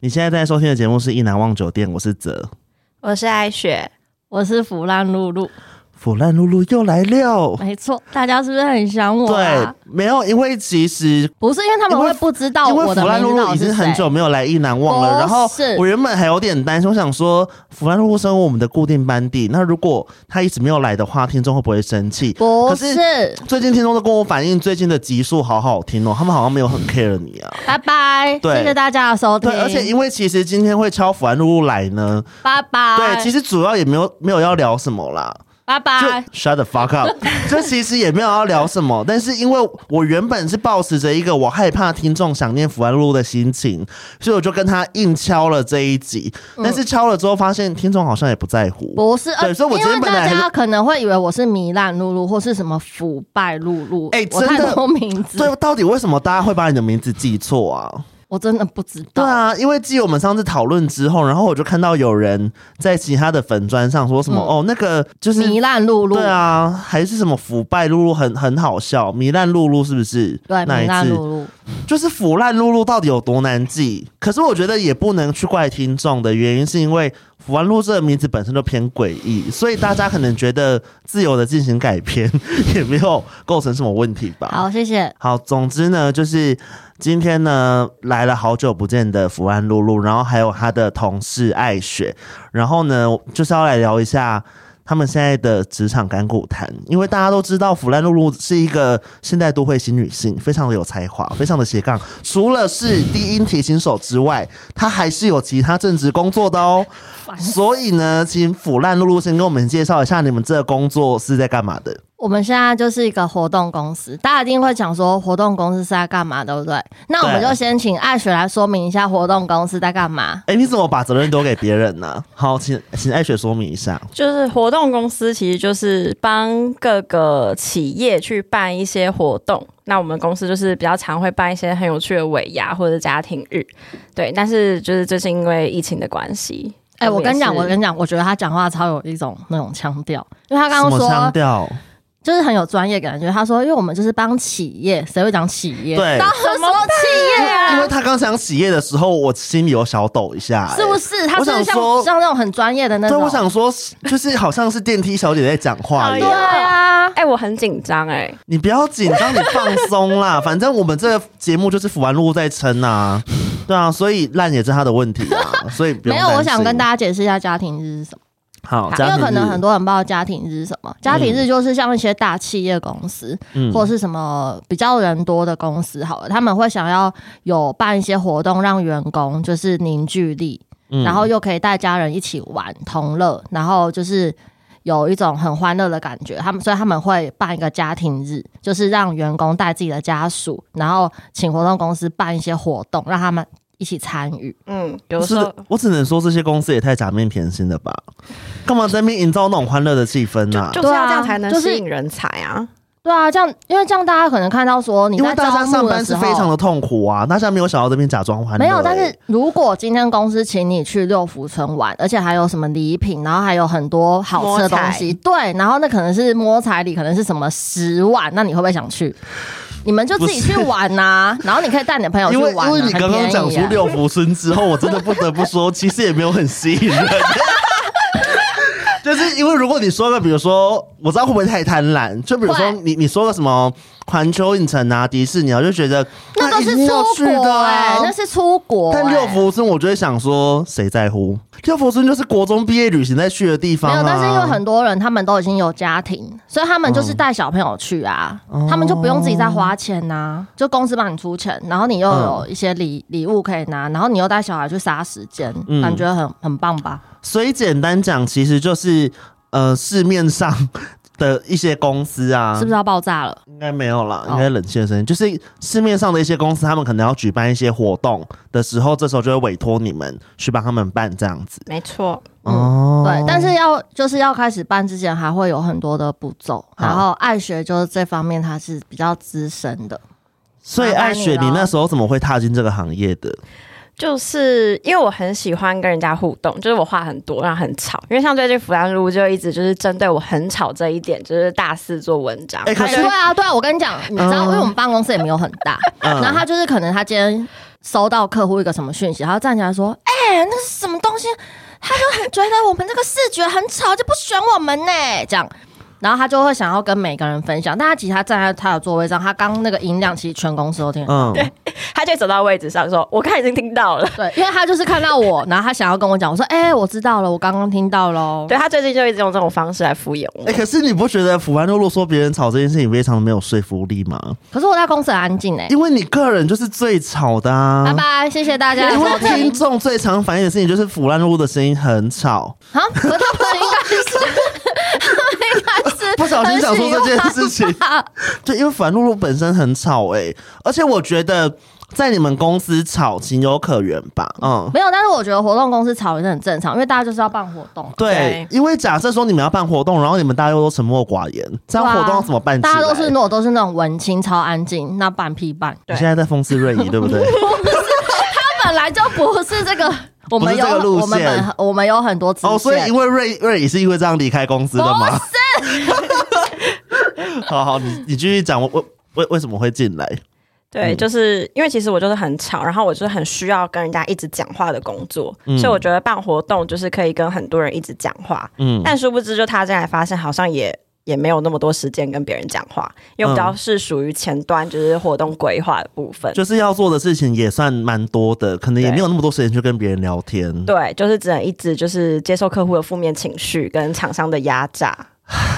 你現在在收聽的節目是《意難忘酒店》，我是哲，我是艾雪，我是腐爛露露。腐爛露露又來了，沒錯，大家是不是很想我、啊？對，沒有，因為其實不是因為他們會不知道因為，因為腐爛露露已經很久沒有來意難忘了。是然後我原本還有點擔心，我想說腐爛露露身為我們的固定班底，那如果他一直沒有來的話，聽眾會不會生氣？不是，是最近聽眾都跟我反映，最近的集數好好聽哦、喔，他們好像沒有很 care 你啊。拜拜，對，bye bye, 謝謝大家的收聽對。而且因為其實今天會敲腐爛露露來呢，拜拜 bye。對，其實主要也沒有沒有要聊什麼啦。拜拜 Shut the fuck up！這 其實也沒有要聊什麼， 但是因為我原本是抱持着一個我害怕聽眾想念腐爛露露的心情，所以我就跟他硬敲了這一集。嗯、但是敲了之後，發現聽眾好像也不在乎。不是，呃、對，所以我今天，我因為大家可能會以為我是糜爛露露，或是什麼腐敗露露。哎、欸，真的太多名字，對，到底為什麼大家會把你的名字記錯啊？我真的不知道。對啊，因為繼我們上次討論之後，然後我就看到有人在其他的粉專上說什麼、嗯、哦，那個就是糜爛露露，對啊，還是什麼腐敗露露很、很很好笑，糜爛露露是不是？對，糜爛露露就是腐爛露露，到底有多難記？可是我覺得也不能去怪聽眾的原因，是因為。腐爛露這個名字本身就偏詭異，所以大家可能覺得自由的進行改編也沒有構成什麼問題吧。好，謝謝。好，總之呢，就是今天呢來了好久不見的腐爛露露，然後還有他的同事艾雪，然後呢就是要來聊一下他們現在的職場甘苦談。因為大家都知道腐爛露露是一個現代都會型女性，非常的有才華，非常的斜槓。除了是低音提琴手之外，她還是有其他正職工作的哦。所以呢，請腐爛露露先跟我們介紹一下你們這個工作是在幹嘛的。我們現在就是一個活動公司，大家一定會講說活動公司是在幹嘛，對不對？那我們就先請艾雪來說明一下活動公司在幹嘛。哎、欸，你怎麼把責任丟給別人呢、啊？ 好，請請艾雪說明一下。就是活動公司其實就是幫各個企業去辦一些活動，那我們公司就是比較常會辦一些很有趣的尾牙或者家庭日，對。但是就是這是因為疫情的關係。哎、欸，我跟你講，我跟你講，我覺得他講話超有一種那種腔調，因為他剛剛說，腔調就是很有專業感覺。他說，因為我們就是幫企業，誰會講企業？對，幫什,什麼企業、啊？因為他剛講企業的時候，我心裡有小抖一下、欸，是不是？他是像說，像那種很專業的那種。對，我想說，就是好像是電梯小姐在講話、欸、對啊，哎、欸，我很緊張、欸，哎，你不要緊張，你放鬆啦， 反正我們這個節目就是扶完路再撐啊。對啊，所以爛也是他的問題啊。所以 沒有，我想跟大家解釋一下家庭日是什麼。好，家庭日，啊，因為可能很多人不知道家庭日是什麼。家庭日就是像一些大企業公司，嗯、或者是什麼比較人多的公司，好了，嗯、他們會想要有辦一些活動，讓員工就是凝聚力，嗯、然後又可以帶家人一起玩，同樂，然後就是。有一種很歡樂的感覺，他們所以他們會辦一個家庭日，就是讓員工帶自己的家屬，然後請活動公司辦一些活動，讓他們一起參與。嗯，比如說不是，我只能說這些公司也太假面甜心了吧？幹嘛在那邊營造那種歡樂的氣氛呢、啊？就就是、這樣才能吸引人才啊！就是對啊，這樣因為這樣大家可能看到說你在，因為大家上班是非常的痛苦啊，大家沒有想到這邊假裝歡樂、欸。沒有，但是如果今天公司請你去六福村玩，而且還有什麼禮品，然後還有很多好吃的東西，柴對，然後那可能是摸彩禮，可能是什麼十萬，那你會不會想去？你們就自己去玩吶、啊，是然後你可以帶你的朋友去玩、啊。因為你剛剛講出六福村之後， 我真的不得不說，其實也沒有很吸引人。 就是因為，如果你說個，比如說，我知道會不會太貪婪？就比如說，你你說個什麼？環球影城啊，迪士尼啊，就覺得那都是出國、欸，哎、啊，那是出國、欸。但六福村，我就會想說，誰在乎？六福村就是國中畢業旅行再去的地方、啊。沒有，但是因為很多人他們都已經有家庭，所以他們就是帶小朋友去啊，嗯、他們就不用自己再花錢啊，哦、就公司幫你出錢，然後你又有一些禮禮、嗯、物可以拿，然後你又帶小孩去殺時間，感、嗯、覺很很棒吧？所以簡單講，其實就是呃，市面上。 的一些公司啊，是不是要爆炸了？應該沒有啦。Oh. 應該冷氣的聲音。就是市面上的一些公司，他們可能要舉辦一些活動的時候，這時候就會委托你們去幫他們辦這樣子。沒錯錯，哦，oh. 對，但是要就是要開始辦之前，還會有很多的步驟。好然後艾雪就是這方面，她是比較資深的。所以艾雪，你，你那時候怎麼會踏進這個行業的？就是因為我很喜歡跟人家互動，就是我話很多，然後很吵。因為像最近腐爛露露就一直就是針對我很吵這一點，就是大肆做文章。哎，欸、可是對，對，對，對啊，對啊，我跟你講，你知道，嗯、因為我們辦公室也沒有很大，嗯、然後他就是可能他今天收到客戶一個什麼訊息，他站起來說：“哎、欸，那是什麼東西？”他就很覺得我們這個視覺很吵，就不選我們呢。這樣，然後他就會想要跟每個人分享。但他其實他站在他的座位上，他剛那個音量，其實全公司都聽。嗯，對。他就走到位置上說：“我剛才已經聽到了。”對，因為他就是看到我， 然後他想要跟我講。我說：“哎、欸，我知道了，我剛剛聽到嘍。對”對他最近就一直用這種方式來敷衍我。哎、欸，可是你不覺得腐爛露露說別人吵這件事情非常沒有說服力嗎？可是我在公司很安靜哎，因為你個人就是最吵的、啊。拜拜，謝謝大家。因為聽眾最常反映的事情就是腐爛露露的聲音很吵。好、 啊，我到聲音開始。 啊、不小心想說這件事情，就因為腐爛露露本身很吵哎、欸，而且我覺得在你們公司吵情有可原吧，嗯，沒有，但是我覺得活動公司吵也是很正常，因為大家就是要辦活動，對，對因為假設說你們要辦活動，然後你們大家又都沉默寡言，這樣活動要怎麼辦起來啊？大家都是如果都是那種文青，超安靜，那辦屁辦？對你現在在風姿潤儀對，對 我不對？他本來就不是這個。 我們有，我們我們有很多次哦，所以因為瑞瑞也是因為這樣離開公司的嗎？不是， 好好，你你繼續講，為為為什麼會進來？對，就是因為其實我就是很吵，然後我就是很需要跟人家一直講話的工作，嗯、所以我覺得辦活動就是可以跟很多人一直講話。嗯，但殊不知就他進來發現好像也，也沒有那麼多時間跟別人講話，因為比較是屬於前端，嗯、就是活動規劃的部分，就是要做的事情也算蠻多的，可能也沒有那麼多時間去跟別人聊天。對，就是只能一直就是接受客戶的負面情緒，跟廠商的壓榨。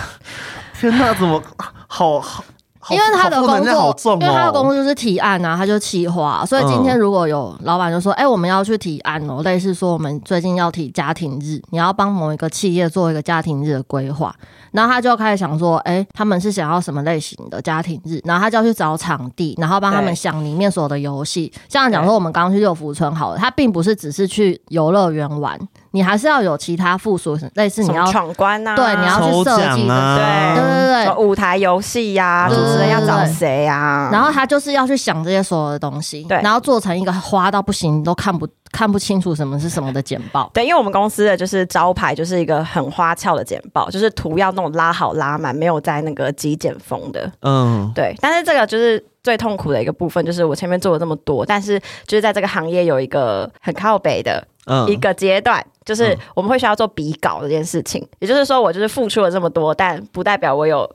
天哪，怎麼好好？ 因為他的工作，因為他的工作就是提案啊，他就企劃、啊。所以今天如果有老闆就說：“哎、嗯，欸，我們要去提案哦、喔，類似說我們最近要提家庭日，你要幫某一個企業做一個家庭日的規劃。”然後他就開始想說：“哎、欸，他們是想要什麼類型的家庭日？”然後他就要去找場地，然後幫他們想裡面所有的遊戲。這樣講說，我們剛剛去六福村好了，他並不是只是去遊樂園玩。你還是要有其他附屬，類似你要闖關吶、啊，對，你要去設計的，對、啊、對對對，舞台遊戲呀，主持人、嗯、要找誰呀、啊？然後他就是要去想這些所有的東西，對，然後做成一個花到不行都看不看不清楚什麼是什麼的簡報。對，因為我們公司的就是招牌，就是一個很花俏的簡報，就是圖要那種拉好拉滿，沒有在那個極簡風的。嗯，對。但是這個就是最痛苦的一個部分，就是我前面做了這麼多，但是就是在這個行業有一個很靠北的一個階段。嗯就是我們會需要做比稿這件事情，嗯、也就是說我就是付出了這麼多，但不代表我有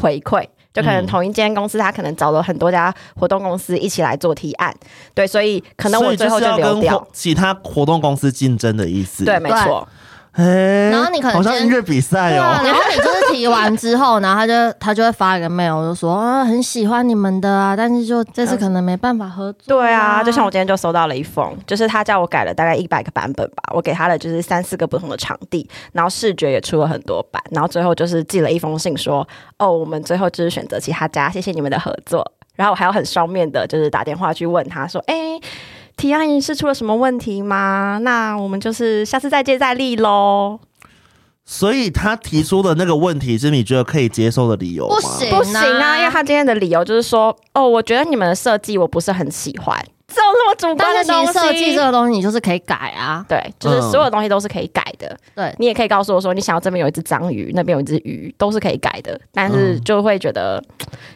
回饋，就可能同一間公司，他可能找了很多家活動公司一起來做提案，對，所以可能我最後就留掉就要跟，其他活動公司競爭的意思，對，沒錯。欸、然後你可能好像音樂比賽哦，然後你就是提完之後，然後他就他就會發一個 mail， 就說啊很喜歡你們的啊，但是就這次可能沒辦法合作、啊。 對啊，就像我今天就收到了一封，就是他叫我改了大概一百個版本吧，我給他的就是三四個不同的場地，然後視覺也出了很多版，然後最後就是寄了一封信說，哦，我們最後就是選擇其他家，謝謝你們的合作。然後我還有很雙面的，就是打電話去問他說，哎、欸。提案是出了什麼問題嗎？那我們就是下次再接再厲嘍。所以他提出的那個問題是你覺得可以接受的理由嗎？不行啊，不行啊！因為他今天的理由就是說，哦，我覺得你們的設計我不是很喜歡。這那麼主觀的東西，但是你設計這個東西，你就是可以改啊。嗯、對，就是所有東西都是可以改的。對，對，你也可以告訴我說，你想要這邊有一隻章魚，那邊有一隻魚，都是可以改的。但是就會覺得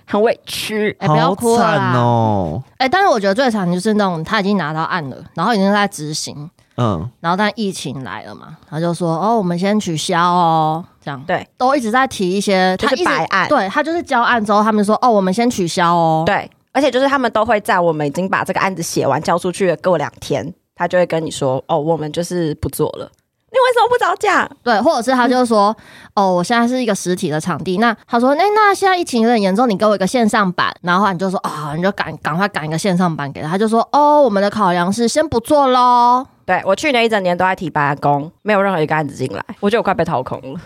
很委屈，哎，不要哭了啦！哎，好慘哦，欸，但是我覺得最慘就是那種他已經拿到案了，然後已經在執行，嗯，然後但疫情來了嘛，他就說哦，我們先取消哦，這樣對，都一直在提一些，就是白案，對他就是交案之後，他們說哦，我們先取消哦，對。而且就是他們都會在我們已經把這個案子寫完交出去了過兩天，他就會跟你說：“哦，我們就是不做了。”你為什麼不早講？對，或者是他就說：“嗯、哦，我現在是一個實體的場地。那”那他說：“哎，那現在疫情有點嚴重，你給我一個線上版。”然後，後你就說：“啊、哦，你就趕趕快趕一個線上版給他。”他就說：“哦，我們的考量是先不做嘍。對”對，我去年一整年都在提白工，沒有任何一個案子進來，我覺得我快被掏空了。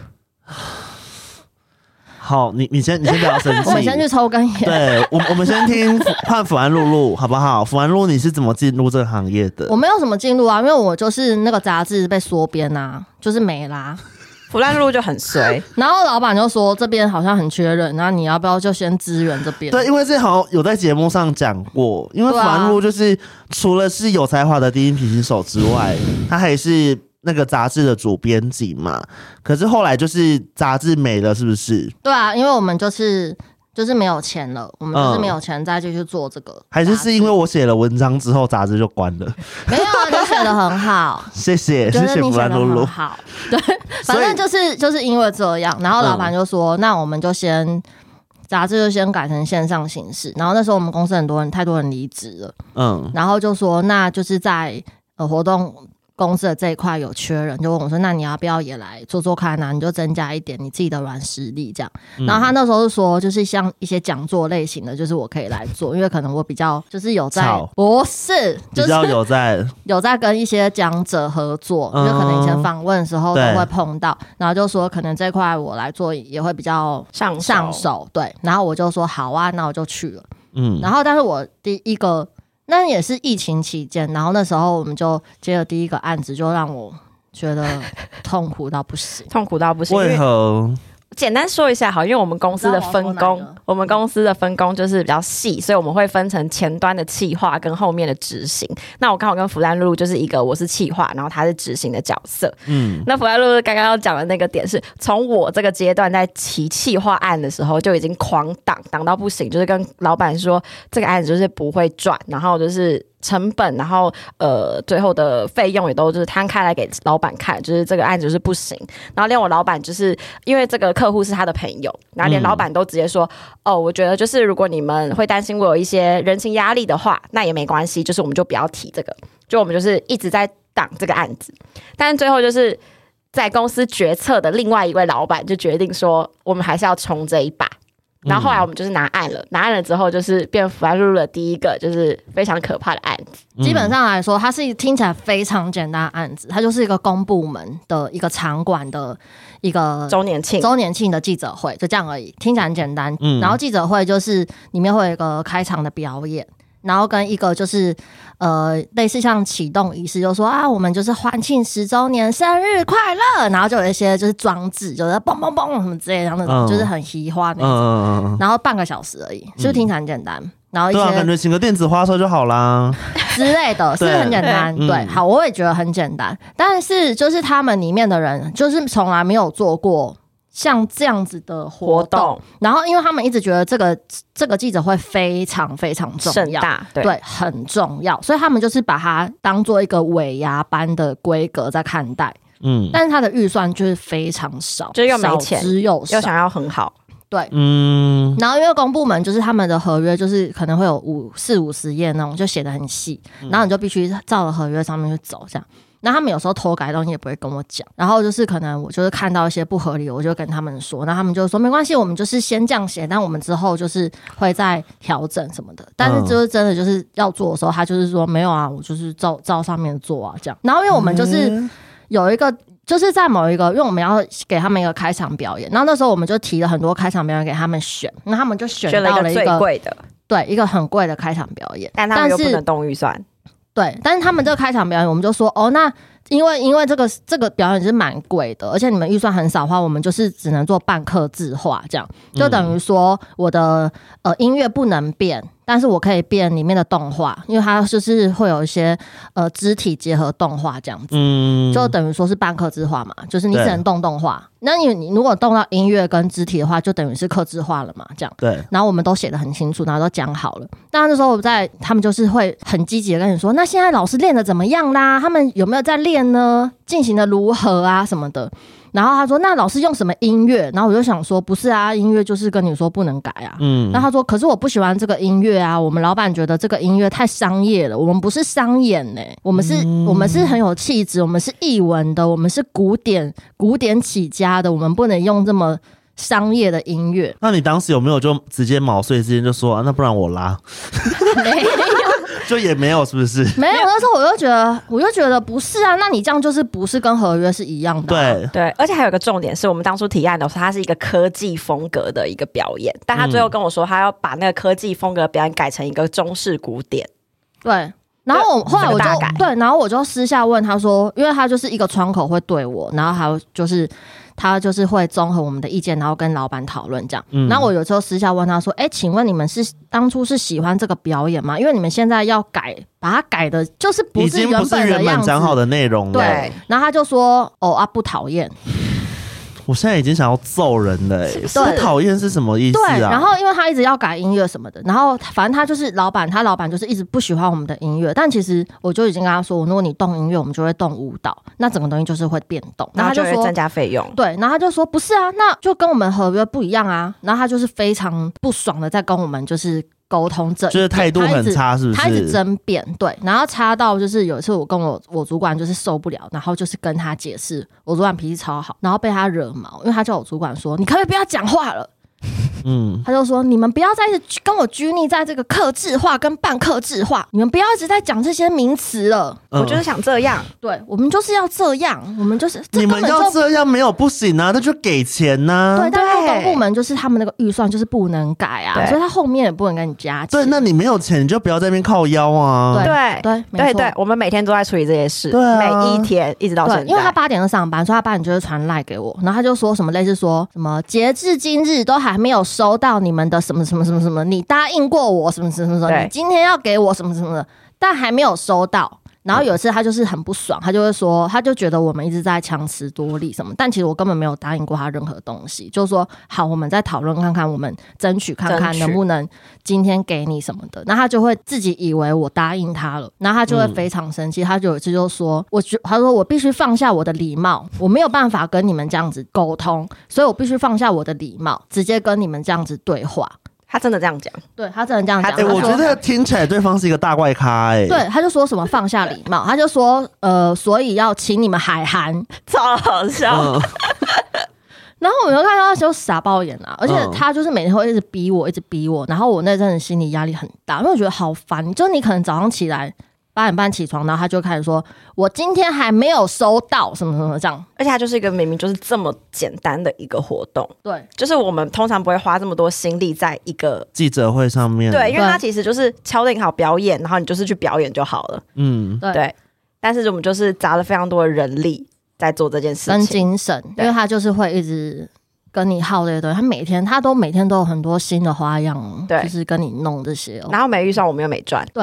好，你你先你先不要生氣， 我們先去抽根煙對。對。 我我們先聽判腐爛露露好不好？腐爛露你是怎麼進入這個行業的？我沒有什麼進入啊，因為我就是那個雜誌被縮編啊，就是沒啦、啊。腐爛露露就很衰。 然後老板就說這邊好像很缺人，然後你要不要就先支援這邊？對，因為這好像有在節目上講過，因為腐爛露就是，啊、除了是有才華的低音平行手之外，他還是。那個雜誌的主編輯嘛，可是後來就是雜誌沒了，是不是？對啊，因為我們就是就是沒有錢了，我們就是沒有錢再繼續做這個、嗯。還是是因為我寫了文章之後，雜誌就關了？沒有啊，就寫得很好， 謝謝謝謝腐爛露露好以對，反正就是就是因為這樣，然後老闆就說：“嗯、那我們就先雜誌就先改成線上形式。”然後那時候我們公司很多人太多人離職了，嗯，然後就說：“那就是在呃活動。”公司的這一塊有缺人，就問我說：“那你要不要也來做做看啊，你就增加一點你自己的軟實力這樣。嗯”然後他那時候是說：“就是像一些講座類型的，就是我可以來做，嗯、因為可能我比較就是有在，不是，比較有在有在跟一些講者合作，嗯、就可能以前訪問的時候都會碰到。對然後就說可能這塊我來做也會比較上上手，上手，對。然後我就說好啊，那我就去了。嗯，然後但是我第一個。那也是疫情期間，然後那時候我們就接了第一個案子，就讓我覺得痛苦到不行， 痛苦到不行。問候為何？簡單說一下好，因為我們公司的分工，我，我們公司的分工就是比較細，所以我們會分成前端的企劃跟後面的執行。那我剛好跟腐爛露露就是一個，我是企劃，然後他是執行的角色。嗯，那腐爛露露剛剛要講的那個點是，是從我這個階段在提企劃案的時候就已經狂擋，擋到不行，就是跟老闆說這個案子就是不會賺，然後就是。成本，然後呃，最後的費用也都就是攤開來給老闆看，就是這個案子是不行。然後連我老闆就是因為這個客戶是他的朋友，然後連老闆都直接說：“嗯、哦，我覺得就是如果你們會擔心我有一些人情壓力的話，那也沒關係，就是我們就不要提這個。”就我們就是一直在擋這個案子，但最後就是在公司決策的另外一位老闆就決定說：“我們還是要衝這一把。”嗯、然後後來我們就是拿案了，拿案了之後就是便翻入，入了第一個就是非常可怕的案子。嗯、基本上來說，它是一聽起來非常簡單的案子，它就是一個公部門的一個場館的一個周年慶周年慶的記者會，就這樣而已，聽起來很簡單。嗯、然後記者會就是裡面會有一個開場的表演，然後跟一個就是。呃，類似像啟動儀式，就是、說啊，我們就是歡慶十周年，生日快樂，然後就有一些就是裝置，就是嘣嘣嘣什麼之類的，這樣嗯、就是很嘻哈那種，嗯、然後半個小時而已，是、嗯、聽起來很簡單。然後一些、啊、感覺請個電子花車就好啦之類的，對是很簡單。對，好，我也覺得很簡單，但是就是他們裡面的人就是從來沒有做過。像這樣子的活動，活動然後因為他們一直覺得這個這個記者會非常非常重要，對，對很重要，所以他們就是把它當做一個尾牙般的規格在看待，嗯，但是他的預算就是非常少，就又沒錢，又，又想要很好，對，嗯，然後因為公部門就是他們的合約就是可能會有五四五十頁那種，就寫得很細，然後你就必須照著合約上面去走這樣。那他們有時候偷改東西也不會跟我講，然後就是可能我就是看到一些不合理，我就跟他們說，那他們就說沒關係，我們就是先這樣寫，但我們之後就是會再調整什麼的。但是就是真的就是要做的時候，他就是說沒有啊，我就是照照上面做啊這樣。然後因為我們就是有一個、嗯、就是在某一個，因為我們要給他們一個開場表演，然後那時候我們就提了很多開場表演給他們選，那他們就選到了一個，選了一個最貴的，對，一個很貴的開場表演，但他們，但是，他們又不能動預算。對，但是他們這個開場表演，我們就說哦，那因為因為這個這個表演是蠻貴的，而且你們預算很少的話，我們就是只能做半客製化，這樣就等於說我的、嗯、呃音樂不能變，但是我可以變裡面的動畫，因為它就是會有一些呃肢體結合動畫這樣子，嗯、就等於說是半客製化嘛，就是你只能動動畫，那對 你你如果動到音樂跟肢體的話，就等於是客製化了嘛，這樣。對。然後我們都寫得很清楚，然後都講好了。然對 那時候我在他們就是會很積極的跟你說，那現在老師練的怎麼樣啦？他們有沒有在練呢？進行的如何啊？什麼的。然後他說：“那老師用什麼音樂？”然後我就想說：“不是啊，音樂就是跟你說不能改啊。”嗯。那他說：“可是我不喜歡這個音樂啊，我們老板覺得這個音樂太商業了，我們不是商演呢、欸，我們是，嗯、我們是很有氣質，我們是藝文的，我們是古典，古典起家的，我們不能用這麼。”商業的音樂，那你當時有沒有就直接毛遂自薦，就說啊，那不然我拉？ 沒有，就也沒有，是不是？沒有。那時候我就覺得，我就覺得不是啊。那你這樣就是不是跟合約是一樣的，啊？對對。而且還有一個重點是我們當初提案的時候，它是一個科技風格的一個表演，但他最後跟我說他、嗯、要把那個科技風格的表演改成一個中式古典。對。然後我就後來我就改對，然後我就私下問他說，因為他就是一個窗口會對我，然後他就是。他就是會綜合我們的意見，然後跟老闆討論這樣。然後、嗯、我有時候私下問他說：“哎、欸，請問你們是當初是喜歡這個表演嗎？因為你們現在要改，把它改的，就是不是原本講好的內容。”對。然後他就說：“哦啊，不討厭。”我現在已經想要揍人了欸，對是他討厭是什麼意思啊？對，然後因為他一直要改音樂什麼的，然後反正他就是老板，他老板就是一直不喜歡我們的音樂。但其實我就已經跟他說，如果你動音樂，我們就會動舞蹈，那整個東西就是會變動。然後他就說就會增加費用，對，然後他就說不是啊，那就跟我們合約不一樣啊。然後他就是非常不爽的在跟我們就是。溝通，這就是態度很差，是不是？他一直爭辯，對，然後差到就是有一次我跟我我主管就是受不了，然後就是跟他解釋，我主管脾氣超好，然後被他惹毛，因為他叫我主管說，你可不可以不要講話了，嗯，他就說你們不要再一直跟我拘泥在這個客製化跟半客製化，你們不要一直在講這些名詞了，嗯、我就是想這樣，對我們就是要這樣，我們就是這根本就你們要這樣沒有不行啊，那就給錢吶、啊，對，對對。各部門就是他們那個預算就是不能改啊，對所以他後面也不能跟你加錢。對，那你沒有錢，你就不要在那邊靠腰啊。對對對錯對，對，我們每天都在處理這些事，啊、每一天一直到現在。因為他八點鐘上班，所以他八點就會傳賴給我，然後他就說什麼類似說什麼，截至今日都還沒有收到你們的什麼什麼什麼什麼，你答應過我什麼什麼什麼，對你今天要給我什麼什麼的，但還沒有收到。然後有一次他就是很不爽，他就會說，他就覺得我們一直在強詞奪理什麼。但其實我根本沒有答應過他任何東西，就說好我們再討論看看，我們爭取看看能不能今天給你什麼的。那爭取他就會自己以為我答應他了，然後他就會非常生氣。嗯、他就有一次就說，我就他就說我必須放下我的禮貌，我沒有辦法跟你們這樣子溝通，所以我必須放下我的禮貌，直接跟你們這樣子對話。他真的這樣講，對，他真的這樣講。我覺得他聽起來，對方是一個大怪咖，哎。對，他就說什麼放下禮貌，他就說，呃，所以要請你們海涵，超好笑。嗯、 然後我們就看到那時候傻爆眼啊，而且他就是每天會一直逼我，一直逼我。然後我那陣子心理壓力很大，因為我覺得好煩，就是你可能早上起來。八點半起床，然後他就開始說：“我今天還沒有收到什麼，什麼什麼這樣。”而且他就是一個明明就是這麼簡單的一個活動，對，就是我們通常不會花這麼多心力在一個記者會上面。對，因為他其實就是敲定好表演，然後你就是去表演就好了。嗯，對。對但是我們就是砸了非常多的人力在做這件事情，很精神，對因為他就是會一直。跟你耗這些東西，他每天他都每天都有很多新的花樣，對，就是跟你弄這些。喔。然後沒遇上，我們又沒賺。對，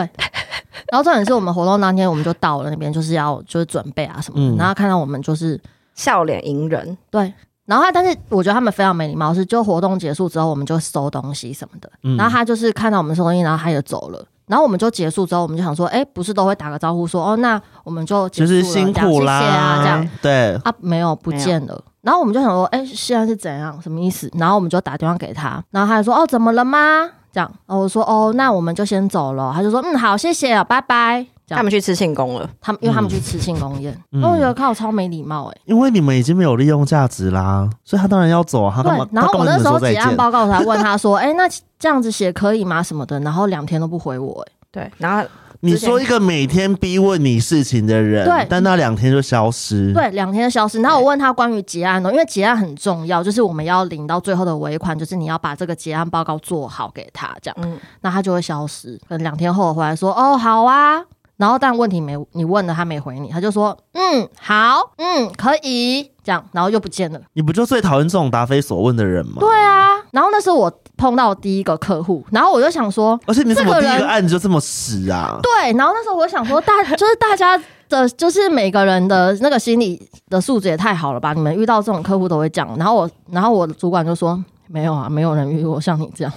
然後重點是我們活動當天， 我們就到了那邊，就是要就是準備啊什麼、嗯、然後看到我們就是笑臉迎人，對。然後他，但是我覺得他們非常沒禮貌，是就活動結束之後，我們就收東西什麼的。然後他就是看到我們收東西，然後他就走了。嗯然後我們就結束之後，我們就想說，哎，不是都會打個招呼說，哦，那我們就結束了，就是辛苦啦，謝謝啊，這樣對啊，沒有，不見了。有然後我們就想說，哎，現在是怎樣，什麼意思？然後我們就打電話給他，然後他就說，哦，怎麼了嗎？這樣，我我說哦，那我們就先走了。他就說，嗯，好，謝謝啊，拜拜。他們去吃慶功了，他們因為他們去吃慶功宴。哎、嗯、得靠，超沒禮貌哎、欸！因為你們已經沒有利用價值啦，所以他當然要走。他干嘛對？然後我那時候結案報告，他問他說，哎、 欸，那這樣子寫可以嗎？什麼的，然後兩天都不回我哎、欸。對，然後。你說一個每天逼問你事情的人，對前，但那兩天就消失，對，對，兩天就消失。然後我問他關於結案的，對因為結案很重要，就是我們要領到最後的尾款，就是你要把這個結案報告做好給他，這樣，嗯，那他就會消失。可能兩天後回來說，哦，好啊。然後但問題沒，你問了他沒回你，他就說，嗯，好，嗯，可以，這樣，然後又不見了。你不就最討厭這種答非所問的人嗎？對啊。然後那時候我。碰到第一個客戶，然後我就想說，而且你們怎麼第一個案子就這麼死啊？對，然後那時候我就想說，大就是大家的， 就是每個人的那個心理的素質也太好了吧？你們遇到這種客戶都會講，然後我，然後我的主管就說，沒有啊，沒有人遇過像你這樣。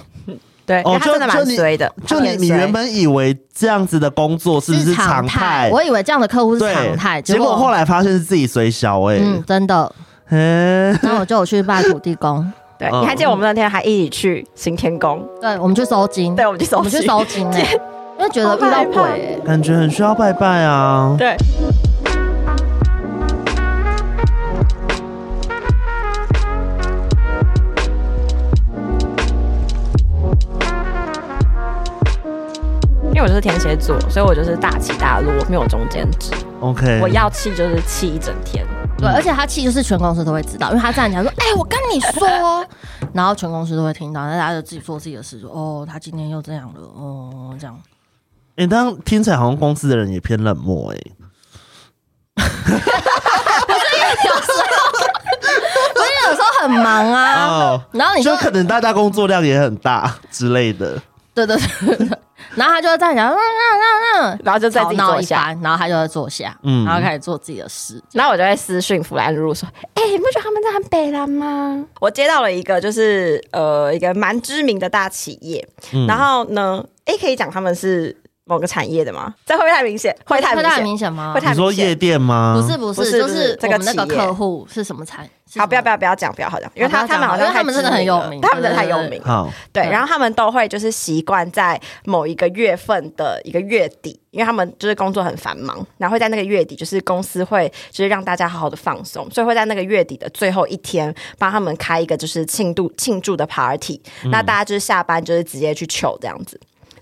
對，喔、他真的蠻衰的就就的就你，就你，對你原本以為這樣子的工作是不是常態？我以為這樣的客戶是常態，對結，果結果後來發現是自己衰小、欸，哎、嗯，真的。嗯，那我就我去拜土地公。 對，嗯、你還記得我們那天還一起去行天宮？對，我們去收驚，對，我們去收驚、欸，我天因為覺得遇到鬼、欸，oh、God, 感覺很需要拜拜啊。對，因為我就是天蠍座，所以我就是大起大落，沒有中間值。OK，我要氣就是氣一整天。對，而且他其實就是全公司都會知道，因為他站起來說：“哎、欸，我跟你說、啊。”然後全公司都會聽到，大家就自己做自己的事，說：“哦，他今天又這樣了。”哦，這樣。哎、欸，當聽起來好像公司的人也偏冷漠哎、欸。哈哈哈哈哈！哈哈 所以有時候很忙啊，哦、然後你說就可能大家工作量也很大之類的。對對對。然後他就會這樣講，嗯嗯嗯嗯、然後就在一吵裡坐下，然後他就在坐下，嗯、然後開始做自己的事。然後我就在私訊腐爛露露說：“哎，你不覺得他們在很北爛嗎？”我接到了一個，就是呃，一個蠻知名的大企業，嗯、然後呢，欸可以講他們是。某個產業的嗎？這會不會太明顯？會太明顯嗎？會太明顯？你說夜店嗎？不是不是，就是這個那個客戶是什麼產？好，不要不要不要講，不要講，因為他他們好像他們真的很有名，他們真的太有名。好，對，然後他們都會就是習慣在某一個月份的一個月底，因為他們就是工作很繁忙，然後會在那個月底，就是公司會就是讓大家好好的放鬆，所以會在那個月底的最後一天幫他們開一個就是慶祝慶祝的 party，那大家就是下班就是直接去求這樣子。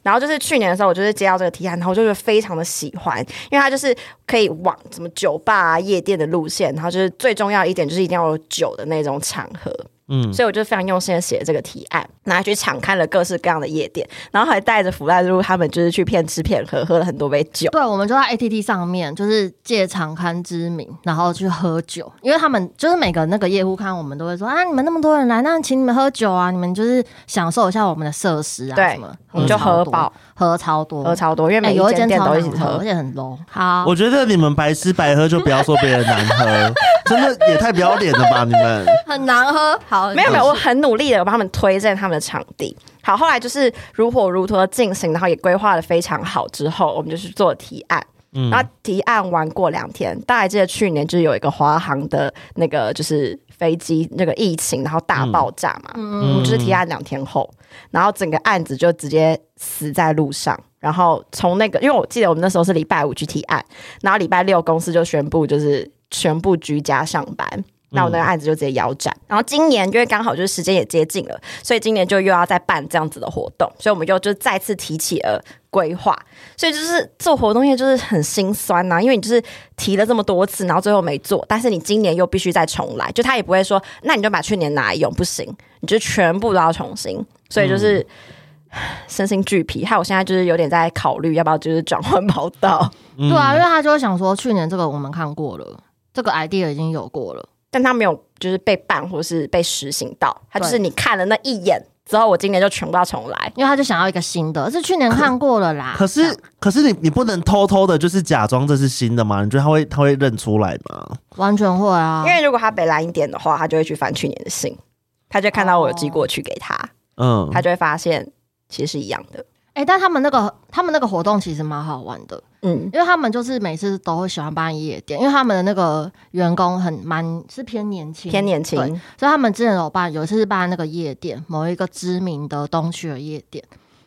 然後就是去年的時候，我就是接到這個提案，然後就是非常的喜歡，因為它就是可以往什麼酒吧啊、夜店的路線，然後就是最重要一點就是一定要有酒的那種場合。嗯，所以我就非常用心的寫這個提案，拿去場勘了各式各樣的夜店，然後還帶着腐爛露露他們就是去騙吃騙喝，喝了很多杯酒。對，我們就在 ATT 上面，就是借場勘之名，然後去喝酒，因為他們就是每個那個業務看，我們都會說啊，你們那麼多人來，那請你們喝酒啊，你們就是享受一下我們的設施啊，對，我們就喝飽，喝超多，喝，喝超多，超多，因為每間店都一起喝，欸，有一間超難喝，而且很 low。好，我覺得你們白吃白喝就不要說別人難喝， 真的也太不要臉了吧，你們很難喝。沒有沒有，我很努力的幫他們推薦他們的場地。好，後來就是如火如荼的進行，然後也規劃的非常好。之後我們就去做提案，然後提案完過兩天，大家還記得去年就是有一個華航的那個就是飛機那個疫情，然後大爆炸嘛，嗯，我就是提案兩天後，然後整個案子就直接死在路上。然後從那個因為我記得我們那時候是禮拜五去提案，然後禮拜六公司就宣布就是全部居家上班。那我那個案子就直接腰斬。然後今年因為剛好就是時間也接近了，所以今年就又要再辦這樣子的活動，所以我們就就再次提起了規劃。所以就是做活動也就是很心酸吶、啊，因為你就是提了這麼多次，然後最後沒做，但是你今年又必須再重來，就他也不會說，那你就把去年拿來用，不行，你就全部都要重新。所以就是、嗯、身心俱疲。還有我現在就是有點在考慮要不要就是轉換跑道。嗯、對啊，因為他就會想說，去年這個我們看過了，這個 idea 已經有過了。但他沒有，就是被辦或是被實行到，他就是你看了那一眼對之後，我今年就全部要重來，因為他就想要一個新的，是去年看過了啦。可,可是，樣可是你你不能偷偷的，就是假裝這是新的嗎？你覺得他會他會認出來嗎？完全會啊，因為如果他北爛一點的話，他就會去翻去年的信，他就會看到我寄過去給他，嗯、哦，他就會發現其實是一樣的。哎、嗯欸，但他們那個他們那個活動其實蠻好玩的。嗯，因為他們就是每次都會喜歡辦夜店，因為他們的那個員工很蠻是偏年輕，偏年輕，所以他們之前有辦，有一次是辦那個夜店，某一個知名的東區的夜店，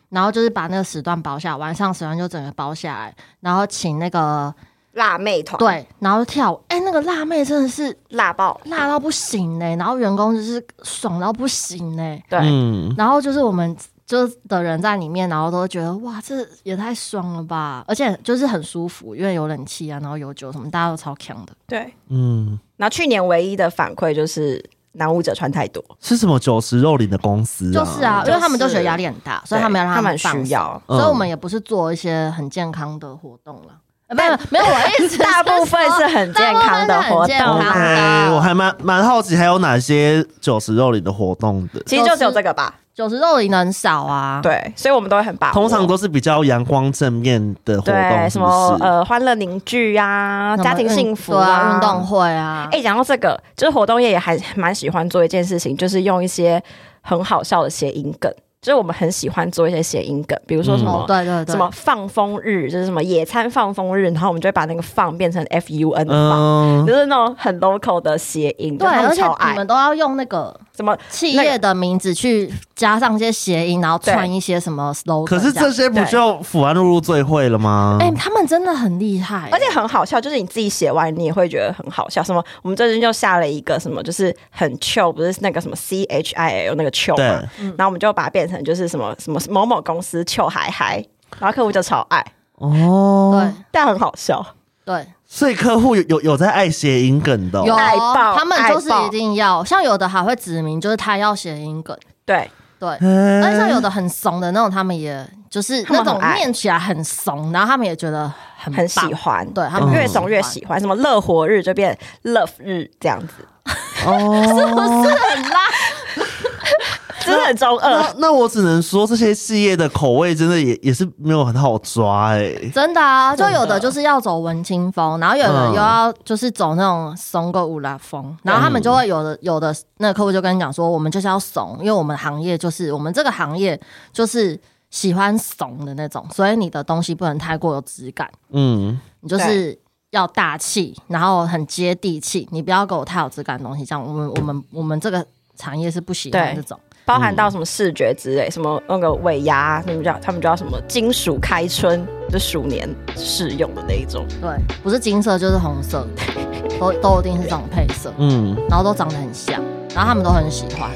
然後就是把那個時段包下來，晚上時段就整個包下來，然後請那個辣妹團，對，然後跳舞，哎、欸，那個辣妹真的是辣爆，辣到不行嘞、欸，然後員工就是爽到不行嘞、欸，對、嗯，然後就是我們。就的人在裡面，然後都覺得哇，這也太爽了吧！而且就是很舒服，因為有冷氣啊，然後有酒什麼，大家都超強的。對，嗯。那去年唯一的反饋就是男舞者穿太多。是什麼酒池肉林的公司、啊？就是啊，因為他們都覺得壓力很大，所以他們要讓他們他需要，所以我們也不是做一些很健康的活動了。沒有、嗯、沒有，我一直 大部分是很健康的活動對。Okay, 我還蠻蠻好奇，還有哪些酒池肉林的活動的？其實就只有這個吧。九十歲也很少啊！對，所以我們都會很棒。通常都是比較陽光正面的活動是不是？對，什麼呃歡樂凝聚啊，家庭幸福啊，運動會啊。哎、欸，講到這個，就是活動業也還蠻喜歡做一件事情，就是用一些很好笑的諧音梗。就是我們很喜歡做一些諧音梗，比如說什麼、嗯哦、對對對，什麼放風日就是什麼野餐放風日，然後我們就會把那個放變成 F U N 放，嗯、就是那種很 local 的諧音。對，而且你們都要用那個。什麼企業的名字去加上一些諧音，然後串一些什麼 slogan？可是這些不就腐爛露露最會了嗎？哎、欸，他們真的很厲害、欸，而且很好笑。就是你自己寫完，你也會覺得很好笑。什麼？我們最近就下了一個什麼，就是很 Chill，不是那個什麼 C H I L 那個 Chill 嘛？對然後我們就把它變成就是什麼什麼某某公司 Chill 嗨嗨，然後客戶就超愛哦。對，但很好笑，對。所以客戶有有有在愛諧音梗的，有愛爆，他們就是一定要，像有的還會指明就是他要諧音梗，對對。而且像有的很慫的那種，他們也就是那種念起來很慫，然後他們也覺得很棒，很喜歡，對，他們越慫越喜歡，什麼樂活日就變 Love 日這樣子，哦。是不是很拉？真的很中二。那，呃、那我只能說，這些事業的口味真的也也是沒有很好抓，哎、欸。真的啊，就有的就是要走文青風，然後有的又要就是走那種松哥五拉風，嗯、然後他們就會有的有的那個客戶就跟你講說，我們就是要慫，因為我們行業就是我們這個行業就是喜歡慫的那種，所以你的東西不能太過有質感。嗯，你就是要大氣，然後很接地氣，你不要給我太有質感的東西。這樣，我們我們我們這個產業是不喜歡這種。包含到什麼視覺之類，嗯、什麼那個尾牙，他們叫他們叫什麼金鼠開春，就鼠年適用的那一種。對，不是金色就是紅色， 都都一定是這種配色。嗯對，然後都長得很像，然後他們都很喜歡。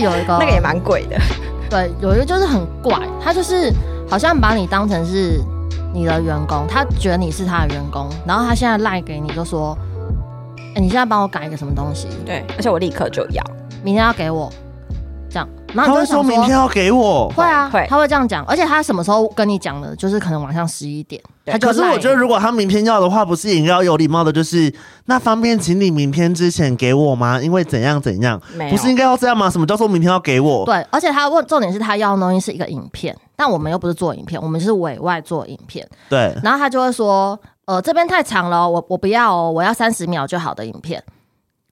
有一個那個也蠻貴的，對，有一個就是很怪，他就是好像把你當成是你的員工，他覺得你是他的員工，然後他現在賴給你，就說，欸、你現在幫我改一個什麼東西，對，而且我立刻就要，明天要給我，這樣。會他會說明天要給我，會啊，對他會這樣講，對而且他什麼時候跟你講的？就是可能晚上十一點，對是可是我覺得，如果他明天要的話，不是應該要有禮貌的？就是那方便，請你明天之前給我嗎？因為怎樣怎樣，有不是應該要這樣嗎？什麼叫做明天要給我？對，而且他問重點是他要的東西是一個影片，但我們又不是做影片，我們是委外做影片。對，然後他就會說，呃，這邊太長了，我我不要，哦，我要三十秒就好的影片。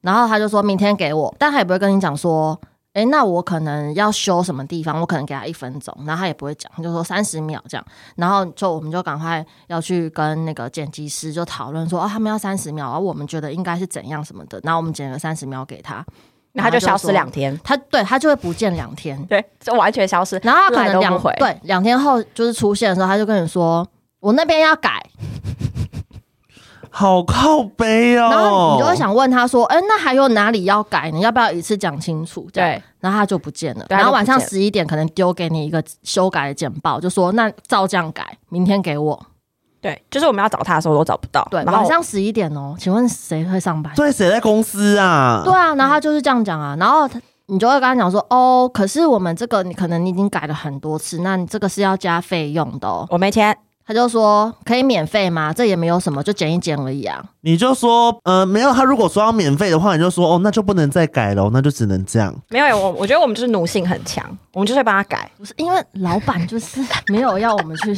然後他就說明天給我，但他也不會跟你講說。誒、欸，那我可能要修什麼地方？我可能給他一分鐘，然後他也不會講，就說三十秒這樣。然後就我們就趕快要去跟那個剪輯師就討論說，哦，他們要三十秒，而我們覺得應該是怎樣什麼的。然後我們剪了三十秒給他，他那他就消失兩天，他對他就會不見兩天，對，就完全消失。然後他可能兩回，對，兩天後就是出現的時候，他就跟你說，我那邊要改。 好靠背哦、喔，然後你就會想問他說：“誒、欸，那還有哪裡要改？你要不要一次講清楚？”這樣對，然後他就不見了。然後晚上十一點可能丟給你一個修改的簡報，對就說：“那照這樣改，明天給我。”對，就是我們要找他的時候都找不到。對，後晚上十一點哦、喔，請問誰會上班？對，誰在公司啊？對啊，然後他就是這樣講啊。然後他，你就會跟他講說：“哦，可是我們這個，你可能你已經改了很多次，那你這個是要加費用的、喔、我沒錢。他就說可以免費嗎？這也沒有什麼，就剪一剪而已啊。你就說，呃，沒有。他如果說要免費的話，你就說哦，那就不能再改了，那就只能這樣。沒有，我我覺得我們就是奴性很強， 我們就是幫他改。不是因為老板就是沒有要我們去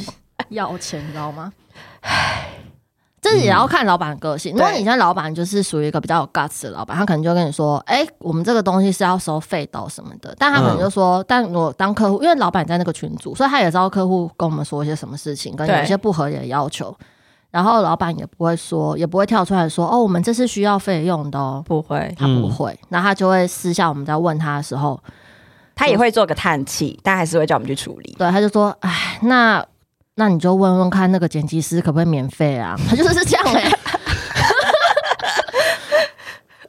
要錢， 你知道嗎？唉。這也要看老闆個性。嗯、如果你像老闆就是屬於一個比較有 guts 的老闆，對他可能就跟你說：“哎、欸，我們這個東西是要收費的什麼的。”但他可能就說：“嗯、但我當客戶，因為老闆在那個群組，所以他也知道客戶跟我們說一些什麼事情，跟有一些不合理的要求。對然後老闆也不會說，也不會跳出來說：‘哦，我們這是需要費用的、哦。’不會，他不會。嗯、那他就會私下我們在問他的時候，他也會做個嘆氣，嗯、但還是會叫我們去處理。對，他就說：‘哎，那’。”那你就問問看那個剪輯師可不可以免費啊？他 就是是這樣哎，